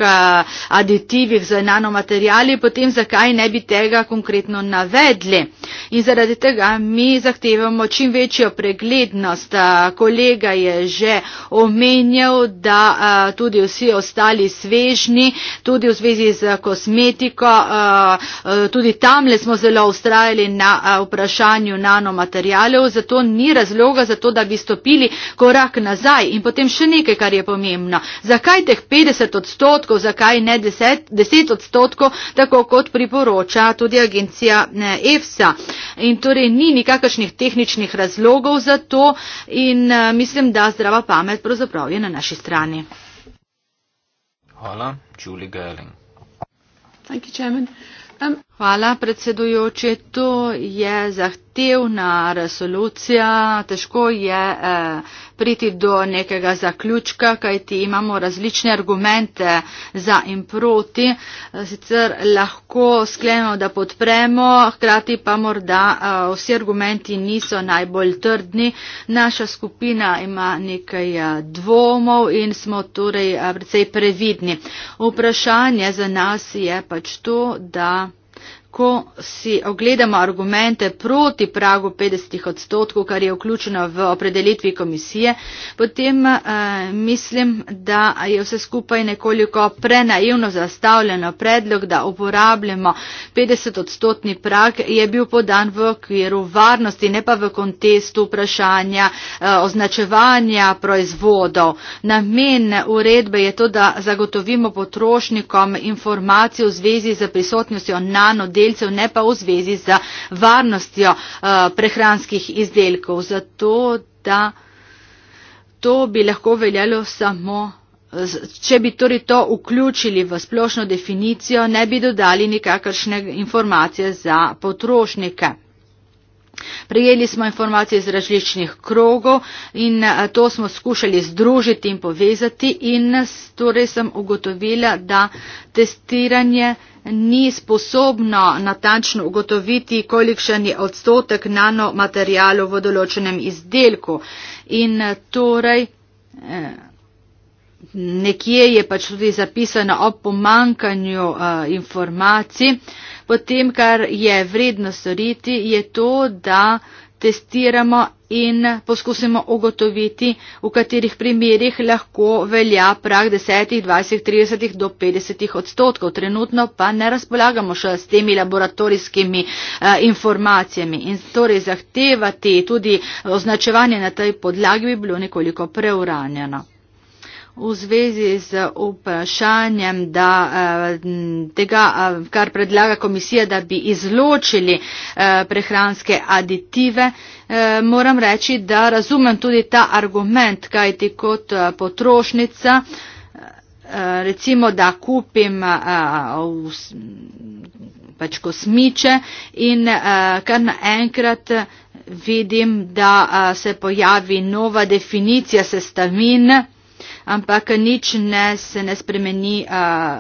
aditivih za nanomaterijali, potem zakaj ne bi tega konkretno navedli. In zaradi tega mi zahtevamo čim večjo preglednost. Kolega je že omenil, omenjal, da a, tudi vsi ostali svežni, tudi v zvezi z kosmetiko, a, a, tudi tamle smo zelo ustrajali na a, vprašanju nanomaterjalev, zato ni razloga za to, da bi stopili korak nazaj. In potem še nekaj, kar je pomembno. Zakaj teh 50 odstotkov, zakaj ne 10, 10 odstotkov, tako kot priporoča tudi agencija e, EFSA. In torej ni nikakršnih tehničnih razlogov za to in a, e, mislim, da zdrava pamet prosim pravzaprav je na naši strani. Hvala, Julie Gerling. Thank you, Chairman. Um, Hvala, predsedujoče. To je zahtevna resolucija. Težko je eh, priti do nekega zaključka, kajti imamo različne argumente za in proti. Sicer lahko sklenemo, da podpremo, hkrati pa morda eh, vsi argumenti niso najbolj trdni. Naša skupina ima nekaj eh, dvomov in smo torej eh, precej previdni. Vprašanje za nas je pač to, da ko si ogledamo argumente proti pragu 50 odstotkov, kar je vključeno v opredelitvi komisije, potem eh, mislim, da je vse skupaj nekoliko prenaivno zastavljeno. Predlog, da uporabljamo 50 odstotni prag, je bil podan v okviru varnosti, ne pa v kontestu vprašanja eh, označevanja proizvodov. Namen uredbe je to, da zagotovimo potrošnikom informacijo v zvezi z prisotnostjo nanodelov, izdelcev ne pa v zvezi z varnostjo eh, prehranskih izdelkov. Zato, da to bi lahko veljalo samo. Če bi torej to vključili v splošno definicijo, ne bi dodali nikakršne informacije za potrošnike. Prejeli smo informacije iz različnih krogov in eh, to smo skušali združiti in povezati in torej sem ugotovila, da testiranje ni sposobno natančno ugotoviti, kolikšen je odstotek nanomaterijalov v določenem izdelku. In eh, torej eh, nekje je pač tudi zapisano o pomankanju eh, informacij. Potem, kar je vredno storiti, je to, da testiramo in poskusimo ugotoviti, v katerih primerjih lahko velja prah 10, 20, 30 do 50 odstotkov. Trenutno pa ne razpolagamo še s temi laboratorijskimi eh, informacijami in torej zahtevati tudi označevanje na tej podlagi bi bilo nekoliko preuranjeno v zvezi z vprašanjem, da eh, tega, eh, kar predlaga komisija, da bi izločili eh, prehranske aditive, moram reči, da razumem tudi ta argument, kajti kot potrošnica, recimo, da kupim pač kosmiče in kar naenkrat vidim, da se pojavi nova definicija sestavin, ampak nič ne se ne spremeni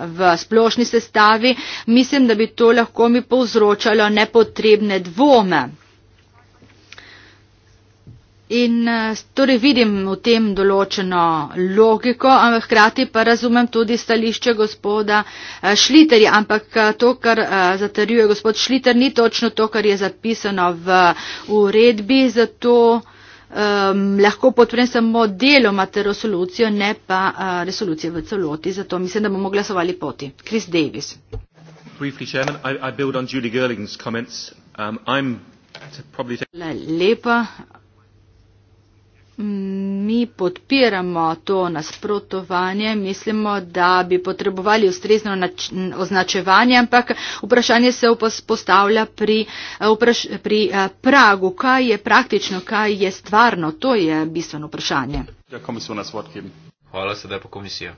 v splošni sestavi. Mislim, da bi to lahko mi povzročalo nepotrebne dvome. In torej vidim v tem določeno logiko, ampak hkrati pa razumem tudi stališče gospoda Šliterja, ampak to, kar zatrjuje gospod Šliter, ni točno to, kar je zapisano v uredbi, zato um, lahko podprem samo deloma te resolucijo, ne pa uh, resolucije v celoti. Zato mislim, da bomo glasovali poti. Chris Davis. Briefly, chairman, I, I build on Julie Gerling's comments. Um, I'm probably... Lepa, Mi podpiramo to nasprotovanje, mislimo, da bi potrebovali ustrezno označevanje, ampak vprašanje se postavlja pri, vpraš, pri eh, pragu. Kaj je praktično, kaj je stvarno? To je bistveno vprašanje. Ja, Hvala, sedaj pa komisija.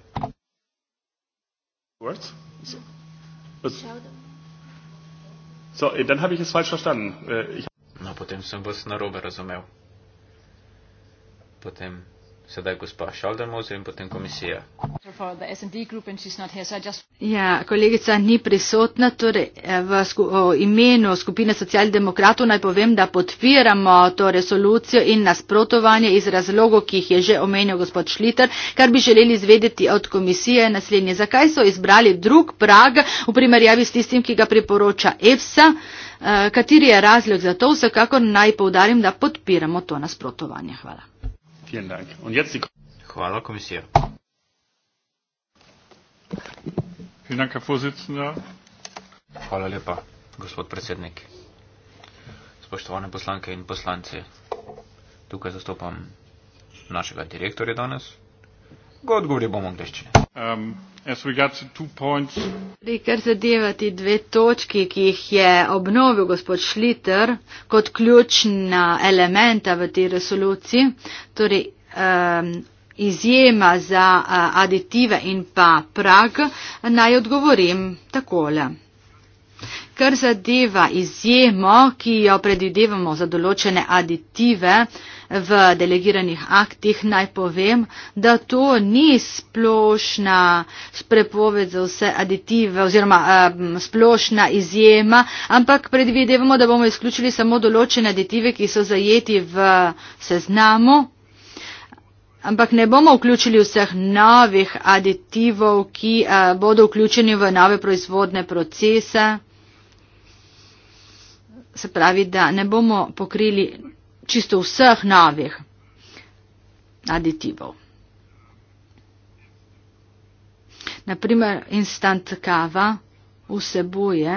Eh, äh, no, potem sem vas narobe razumel potem sedaj gospa Šaldermozer in potem komisija. Ja, kolegica ni prisotna, torej eh, v sku, o, imenu skupine socialdemokratov naj povem, da podpiramo to resolucijo in nasprotovanje iz razlogov, ki jih je že omenil gospod Šliter, kar bi želeli izvedeti od komisije naslednje. Zakaj so izbrali drug prag v primerjavi s tistim, ki ga priporoča EFSA? Eh, kateri je razlog za to? Vsekakor naj povdarim, da podpiramo to nasprotovanje. Hvala. Vielen Dank. Und jetzt die Hvala, komisija. Vielen Dank, Herr Vorsitzender. Hvala lepa, gospod predsednik. Spoštovane poslanke in poslanci, tukaj zastopam našega direktorja danes. Godgovori bomo angliščini. Um, Tudi kar zadeva ti dve točki, ki jih je obnovil gospod Šliter kot ključna elementa v tej resoluciji, torej um, izjema za uh, aditive in pa prag, naj odgovorim takole. Kar zadeva izjemo, ki jo predvidevamo za določene aditive v delegiranih aktih, naj povem, da to ni splošna prepoved za vse aditive oziroma um, splošna izjema, ampak predvidevamo, da bomo izključili samo določene aditive, ki so zajeti v seznamu. Ampak ne bomo vključili vseh novih aditivov, ki uh, bodo vključeni v nove proizvodne procese se pravi, da ne bomo pokrili čisto vseh novih aditivov. Naprimer, instant kava vsebuje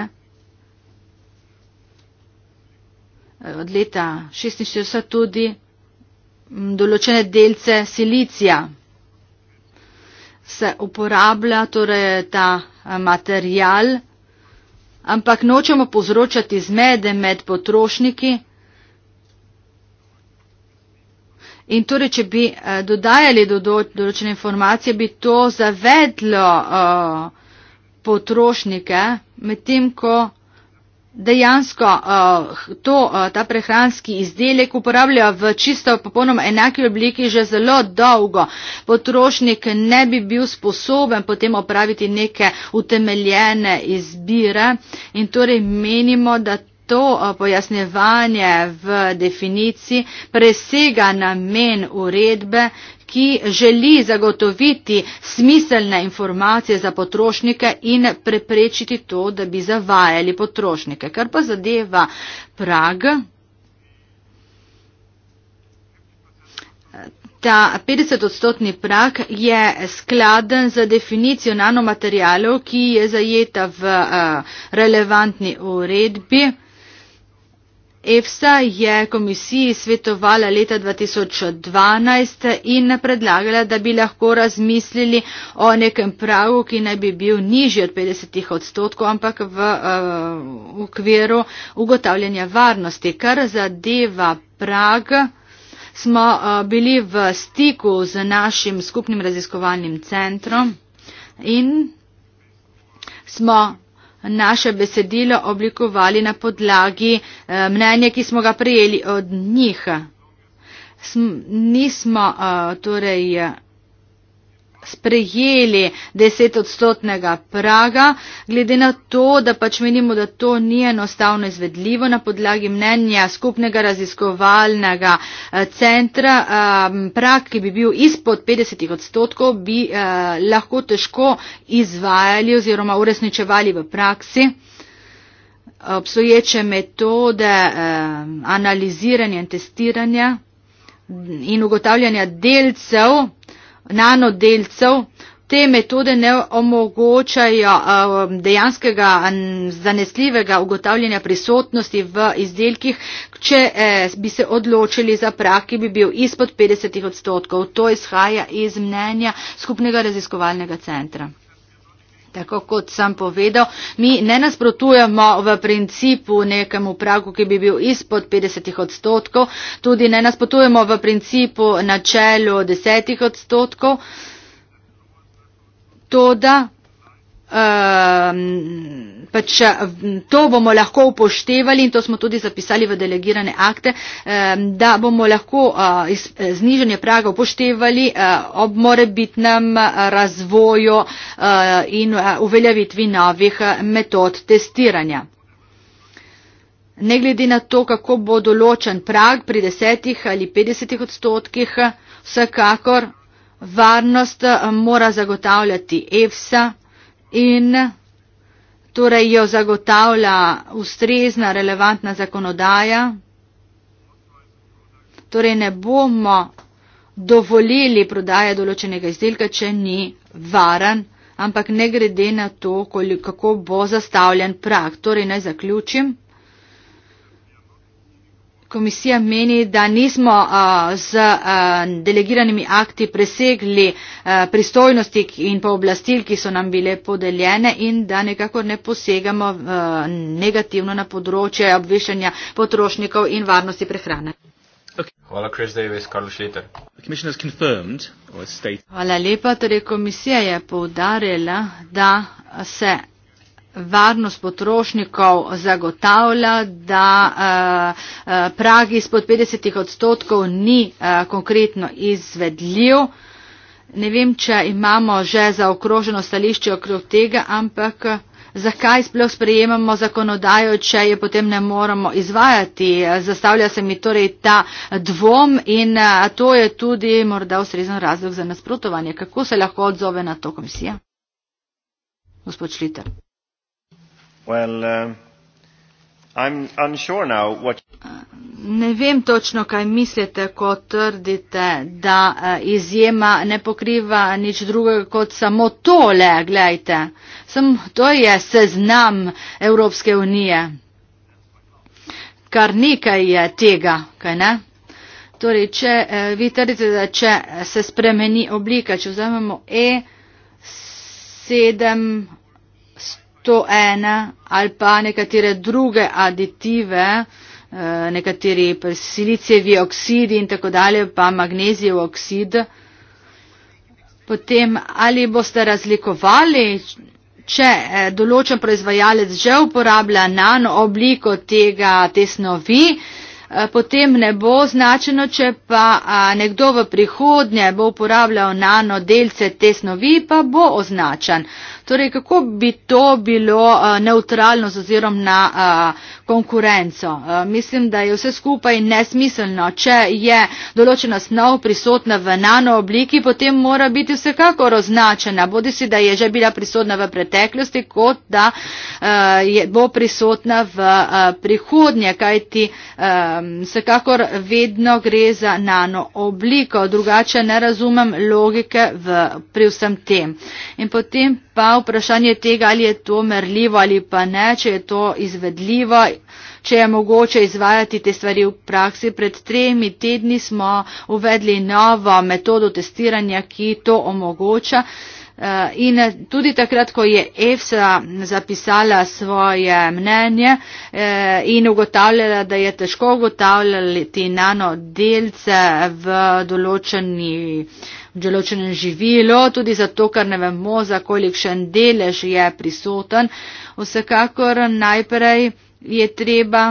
eh, od leta 1966 tudi mm, določene delce silicija. Se uporablja torej ta eh, material ampak nočemo povzročati zmede med potrošniki. In torej, če bi eh, dodajali določene informacije, bi to zavedlo uh, potrošnike, medtem ko dejansko uh, to, uh, ta prehranski izdelek uporabljajo v čisto popolnoma enaki obliki že zelo dolgo. Potrošnik ne bi bil sposoben potem opraviti neke utemeljene izbire in torej menimo, da. To eh, pojasnjevanje v definiciji presega namen uredbe, ki želi zagotoviti smiselne informacije za potrošnike in preprečiti to, da bi zavajali potrošnike. Kar pa zadeva prag, ta 50-odstotni prag je skladen z definicijo nanomaterialov, ki je zajeta v eh, relevantni uredbi. EFSA je komisiji svetovala leta 2012 in predlagala, da bi lahko razmislili o nekem pragu, ki naj bi bil nižji od 50 odstotkov, ampak v uh, okviru ugotavljanja varnosti, kar zadeva prag. Smo eh, bili v stiku z našim skupnim raziskovalnim centrom in smo naše besedilo oblikovali na podlagi eh, mnenja, ki smo ga prijeli od njih. Nismo eh, torej sprejeli deset odstotnega praga, glede na to, da pač menimo, da to ni enostavno izvedljivo na podlagi mnenja skupnega raziskovalnega eh, centra. Eh, prag, ki bi bil izpod 50 odstotkov, bi eh, lahko težko izvajali oziroma uresničevali v praksi. Obsoječe metode analiziranja in testiranja in ugotavljanja delcev nanodelcev. Te metode ne omogočajo um, dejanskega zanesljivega ugotavljanja prisotnosti v izdelkih, če eh, bi se odločili za prak, ki bi bil izpod 50 odstotkov. To izhaja iz mnenja skupnega raziskovalnega centra. Tako kot sem povedal, mi ne nasprotujemo v principu nekemu pragu, ki bi bil izpod 50 odstotkov, tudi ne nasprotujemo v principu načelu 10 odstotkov. Toda Ehm, pač eh, to bomo lahko upoštevali in to smo tudi zapisali v delegirane akte, ehm, da bomo lahko eh, eh, zniženje praga upoštevali ob morebitnem razvoju in uveljavitvi novih metod testiranja. Ne glede na to, kako bo določen prag pri desetih ali petdesetih odstotkih, vsekakor varnost mora zagotavljati EFSA, in torej jo zagotavlja ustrezna relevantna zakonodaja. Torej ne bomo dovolili prodaje določenega izdelka, če ni varen, ampak ne glede na to, kako bo zastavljen prak. Torej naj zaključim komisija meni, da nismo z delegiranimi akti presegli pristojnosti in pooblastil, ki so nam bile podeljene in da nekako ne posegamo negativno na področje obveščanja potrošnikov in varnosti prehrane. Hvala, Chris Davis, Karl Schlitter. Hvala lepa, torej komisija je povdarjala, da se varnost potrošnikov zagotavlja, da eh, eh, prag izpod 50 odstotkov ni eh, konkretno izvedljiv. Ne vem, če imamo že zaokroženo stališče okrog tega, ampak zakaj sploh sprejemamo zakonodajo, če jo potem ne moramo izvajati. Zastavlja se mi torej ta dvom in to je tudi morda ustrezen razlog za nasprotovanje. Kako se lahko odzove na to komisija? Gospod Šliter. Well, uh, what... Ne vem točno, kaj mislite, ko trdite, da uh, izjema ne pokriva nič drugega kot samo tole, gledajte. Sem, to je seznam Evropske unije. Kar nekaj je tega, kaj ne? Torej, če eh, vi trdite, da če se spremeni oblika, če vzamemo E7, to ena ali pa nekatere druge aditive, eh, nekateri silicijevi oksidi in tako dalje, pa magnezijev oksid, potem ali boste razlikovali, če eh, določen proizvajalec že uporablja nano obliko tega, te snovi, eh, potem ne bo značeno, če pa nekdo v prihodnje bo uporabljal nano delce te snovi, pa bo označen. Torej, kako bi to bilo uh, neutralno z ozirom na uh, konkurenco? Uh, mislim, da je vse skupaj nesmiselno. Če je določena snov prisotna v nano obliki, potem mora biti vsekako označena, bodi si, da je že bila prisotna v preteklosti, kot da uh, je, bo prisotna v uh, prihodnje, kajti um, vsekakor vedno gre za nano obliko. Drugače ne razumem logike v, pri vsem tem. In potem pa vprašanje tega, ali je to merljivo ali pa ne, če je to izvedljivo, če je mogoče izvajati te stvari v praksi. Pred tremi tedni smo uvedli novo metodo testiranja, ki to omogoča. Eh, in tudi takrat, ko je EFSA zapisala svoje mnenje eh, in ugotavljala, da je težko ugotavljati nanodelce v določeni določenem živilu, tudi zato, ker ne vemo, za kolikšen delež je prisoten. Vsekakor najprej je treba.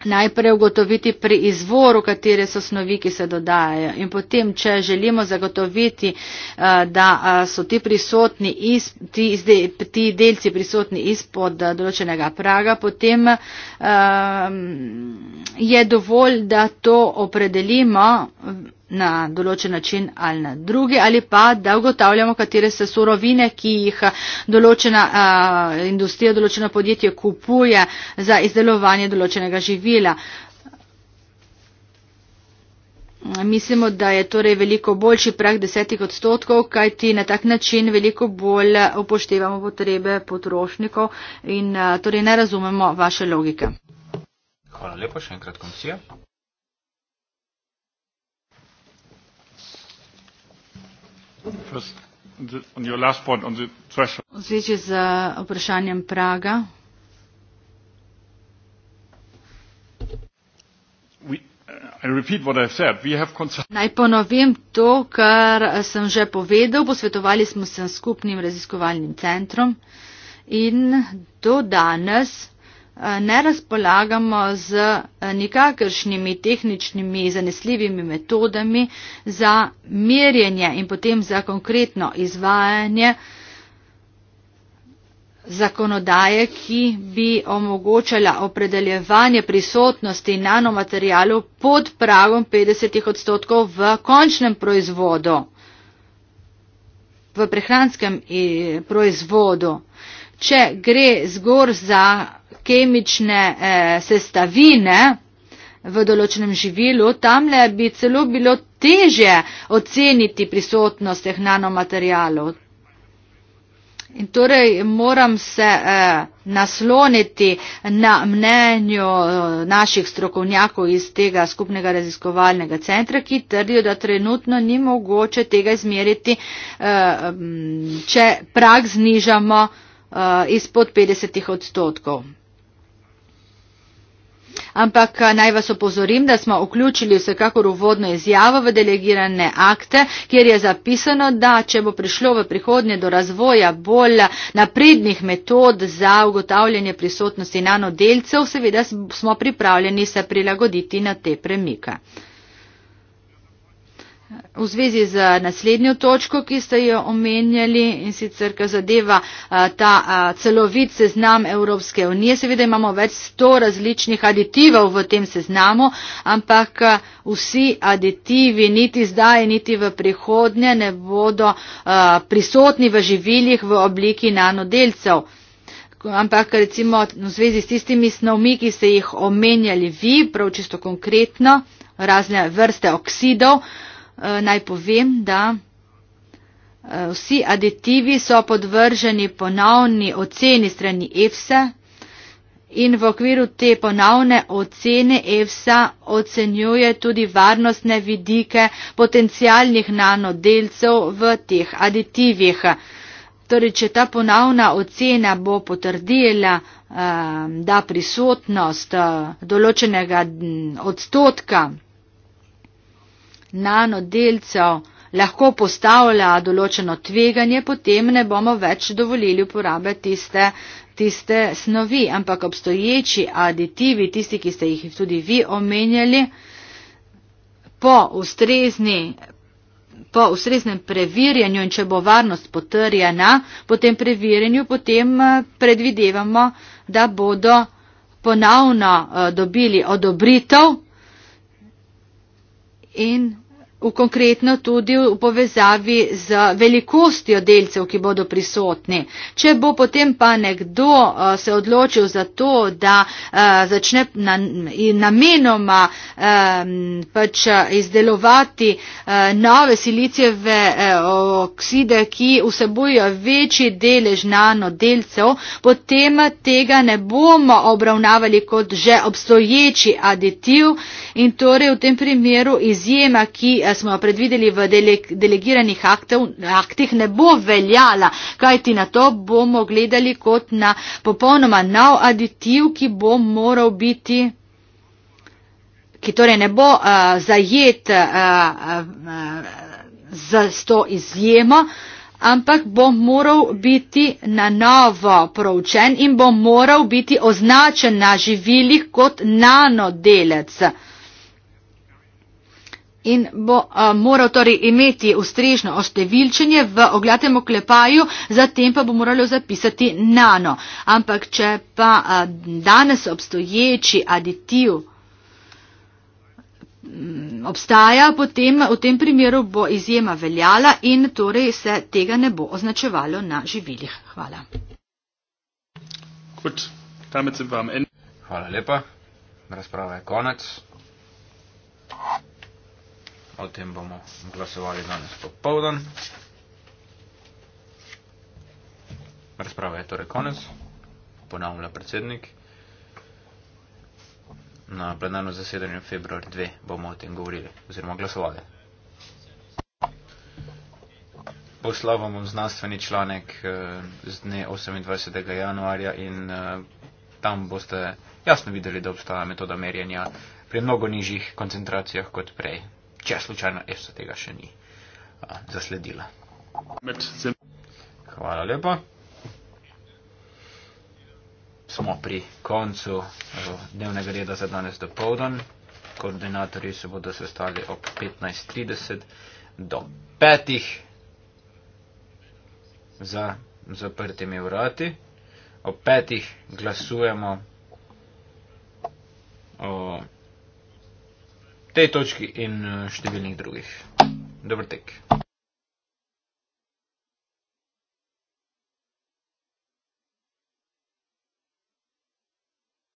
Najprej ugotoviti pri izvoru, katere so snovi, ki se dodajajo. In potem, če želimo zagotoviti, eh, da eh, so ti, prisotni iz, ti, ti delci prisotni izpod eh, določenega praga, potem je dovolj, da to opredelimo na določen način ali na drugi, ali pa da ugotavljamo, katere so sorovine, ki jih eh, določena a, eh, industrija, določeno podjetje kupuje za izdelovanje določenega živila. Mislimo, da je torej veliko boljši prah desetih odstotkov, kajti na tak način veliko bolj upoštevamo potrebe potrošnikov in eh, torej ne razumemo vaše logike. Hvala lepa, še enkrat komisija. V zvezi z vprašanjem Praga. Uh, Naj ponovim to, kar sem že povedal. Posvetovali smo se s skupnim raziskovalnim centrom in do danes ne razpolagamo z eh, nikakršnimi tehničnimi zanesljivimi metodami za merjenje in potem za konkretno izvajanje zakonodaje, ki bi omogočala opredeljevanje prisotnosti nanomaterijalov pod pragom 50 odstotkov v končnem proizvodu, v prehranskem eh, proizvodu. Če gre zgor za kemične eh, sestavine v določenem živilu, tamle bi celo bilo teže oceniti prisotnost teh nanomaterialov. In torej moram se eh, nasloniti na mnenju eh, naših strokovnjakov iz tega skupnega raziskovalnega centra, ki trdijo, da trenutno ni mogoče tega izmeriti, eh, če prag znižamo eh, izpod 50 odstotkov ampak eh, naj vas opozorim, da smo vključili vsekakor uvodno izjavo v delegirane akte, kjer je zapisano, da če bo prišlo v prihodnje do razvoja bolj naprednih metod za ugotavljanje prisotnosti nanodelcev, seveda smo pripravljeni se prilagoditi na te premike. V zvezi z naslednjo točko, ki ste jo omenjali in sicer, ki zadeva ta celovit seznam Evropske unije, seveda imamo več sto različnih aditivov v tem seznamu, ampak vsi aditivi niti zdaj, niti v prihodnje ne bodo prisotni v živilih v obliki nanodelcev. Ampak recimo v zvezi s tistimi snovmi, ki ste jih omenjali vi, prav čisto konkretno, razne vrste oksidov, Eh, naj povem, da eh, vsi aditivi so podvrženi ponovni oceni strani EFSA in v okviru te ponovne ocene EFSA ocenjuje tudi varnostne vidike potencijalnih nanodelcev v teh aditivih. Torej, če ta ponovna ocena bo potrdila, eh, da prisotnost določenega mm, odstotka nanodelcev lahko postavlja določeno tveganje, potem ne bomo več dovolili uporabe tiste, tiste snovi, ampak obstoječi aditivi, tisti, ki ste jih tudi vi omenjali, po, ustrezni, po ustreznem preverjanju in če bo varnost potrjena, po tem preverjanju potem eh, predvidevamo, da bodo ponavno eh, dobili odobritev in v konkretno tudi v povezavi z velikostjo delcev, ki bodo prisotni. Če bo potem pa nekdo uh, se odločil za to, da uh, začne na, namenoma um, pač eh, izdelovati uh, nove silicijeve uh, okside, ki vsebujejo večji delež nano delcev, potem tega ne bomo obravnavali kot že obstoječi aditiv in torej v tem primeru izjema, ki uh, Eh, smo predvideli v delegiranih aktev, aktih, ne bo veljala, kajti na to bomo gledali kot na popolnoma nov aditiv, ki bo moral biti ki torej ne bo uh, zajet uh, uh, z to izjemo, ampak bo moral biti na novo proučen in bo moral biti označen na živilih kot nanodelec. Uh, in bo a, moral torej imeti ustrežno oštevilčenje v oglatem oklepaju, zatem pa bo moralo zapisati nano. Ampak če pa a, danes obstoječi aditiv obstaja, potem v tem primeru bo izjema veljala in torej se tega ne bo označevalo na živilih. Hvala. Gut, damit sind wir am Ende. Hvala lepa. Razprava je konec o tem bomo glasovali danes popovdan. Razprava je torej konec, ponavlja predsednik. Na plenarno zasedanje februar 2 bomo o tem govorili oziroma glasovali. Poslal vam znanstveni članek eh, z dne 28. januarja in eh, tam boste jasno videli, da obstaja metoda merjenja pri mnogo nižjih koncentracijah kot prej če slučajno EFSA tega še ni a, zasledila. Hvala lepa. Smo pri koncu eh, dnevnega reda za danes do povdan. Koordinatorji se bodo sestali ob 15.30 do 5. za zaprtimi vrati. Ob 5. glasujemo o tej točki in eh, številnih drugih. Dobr tek.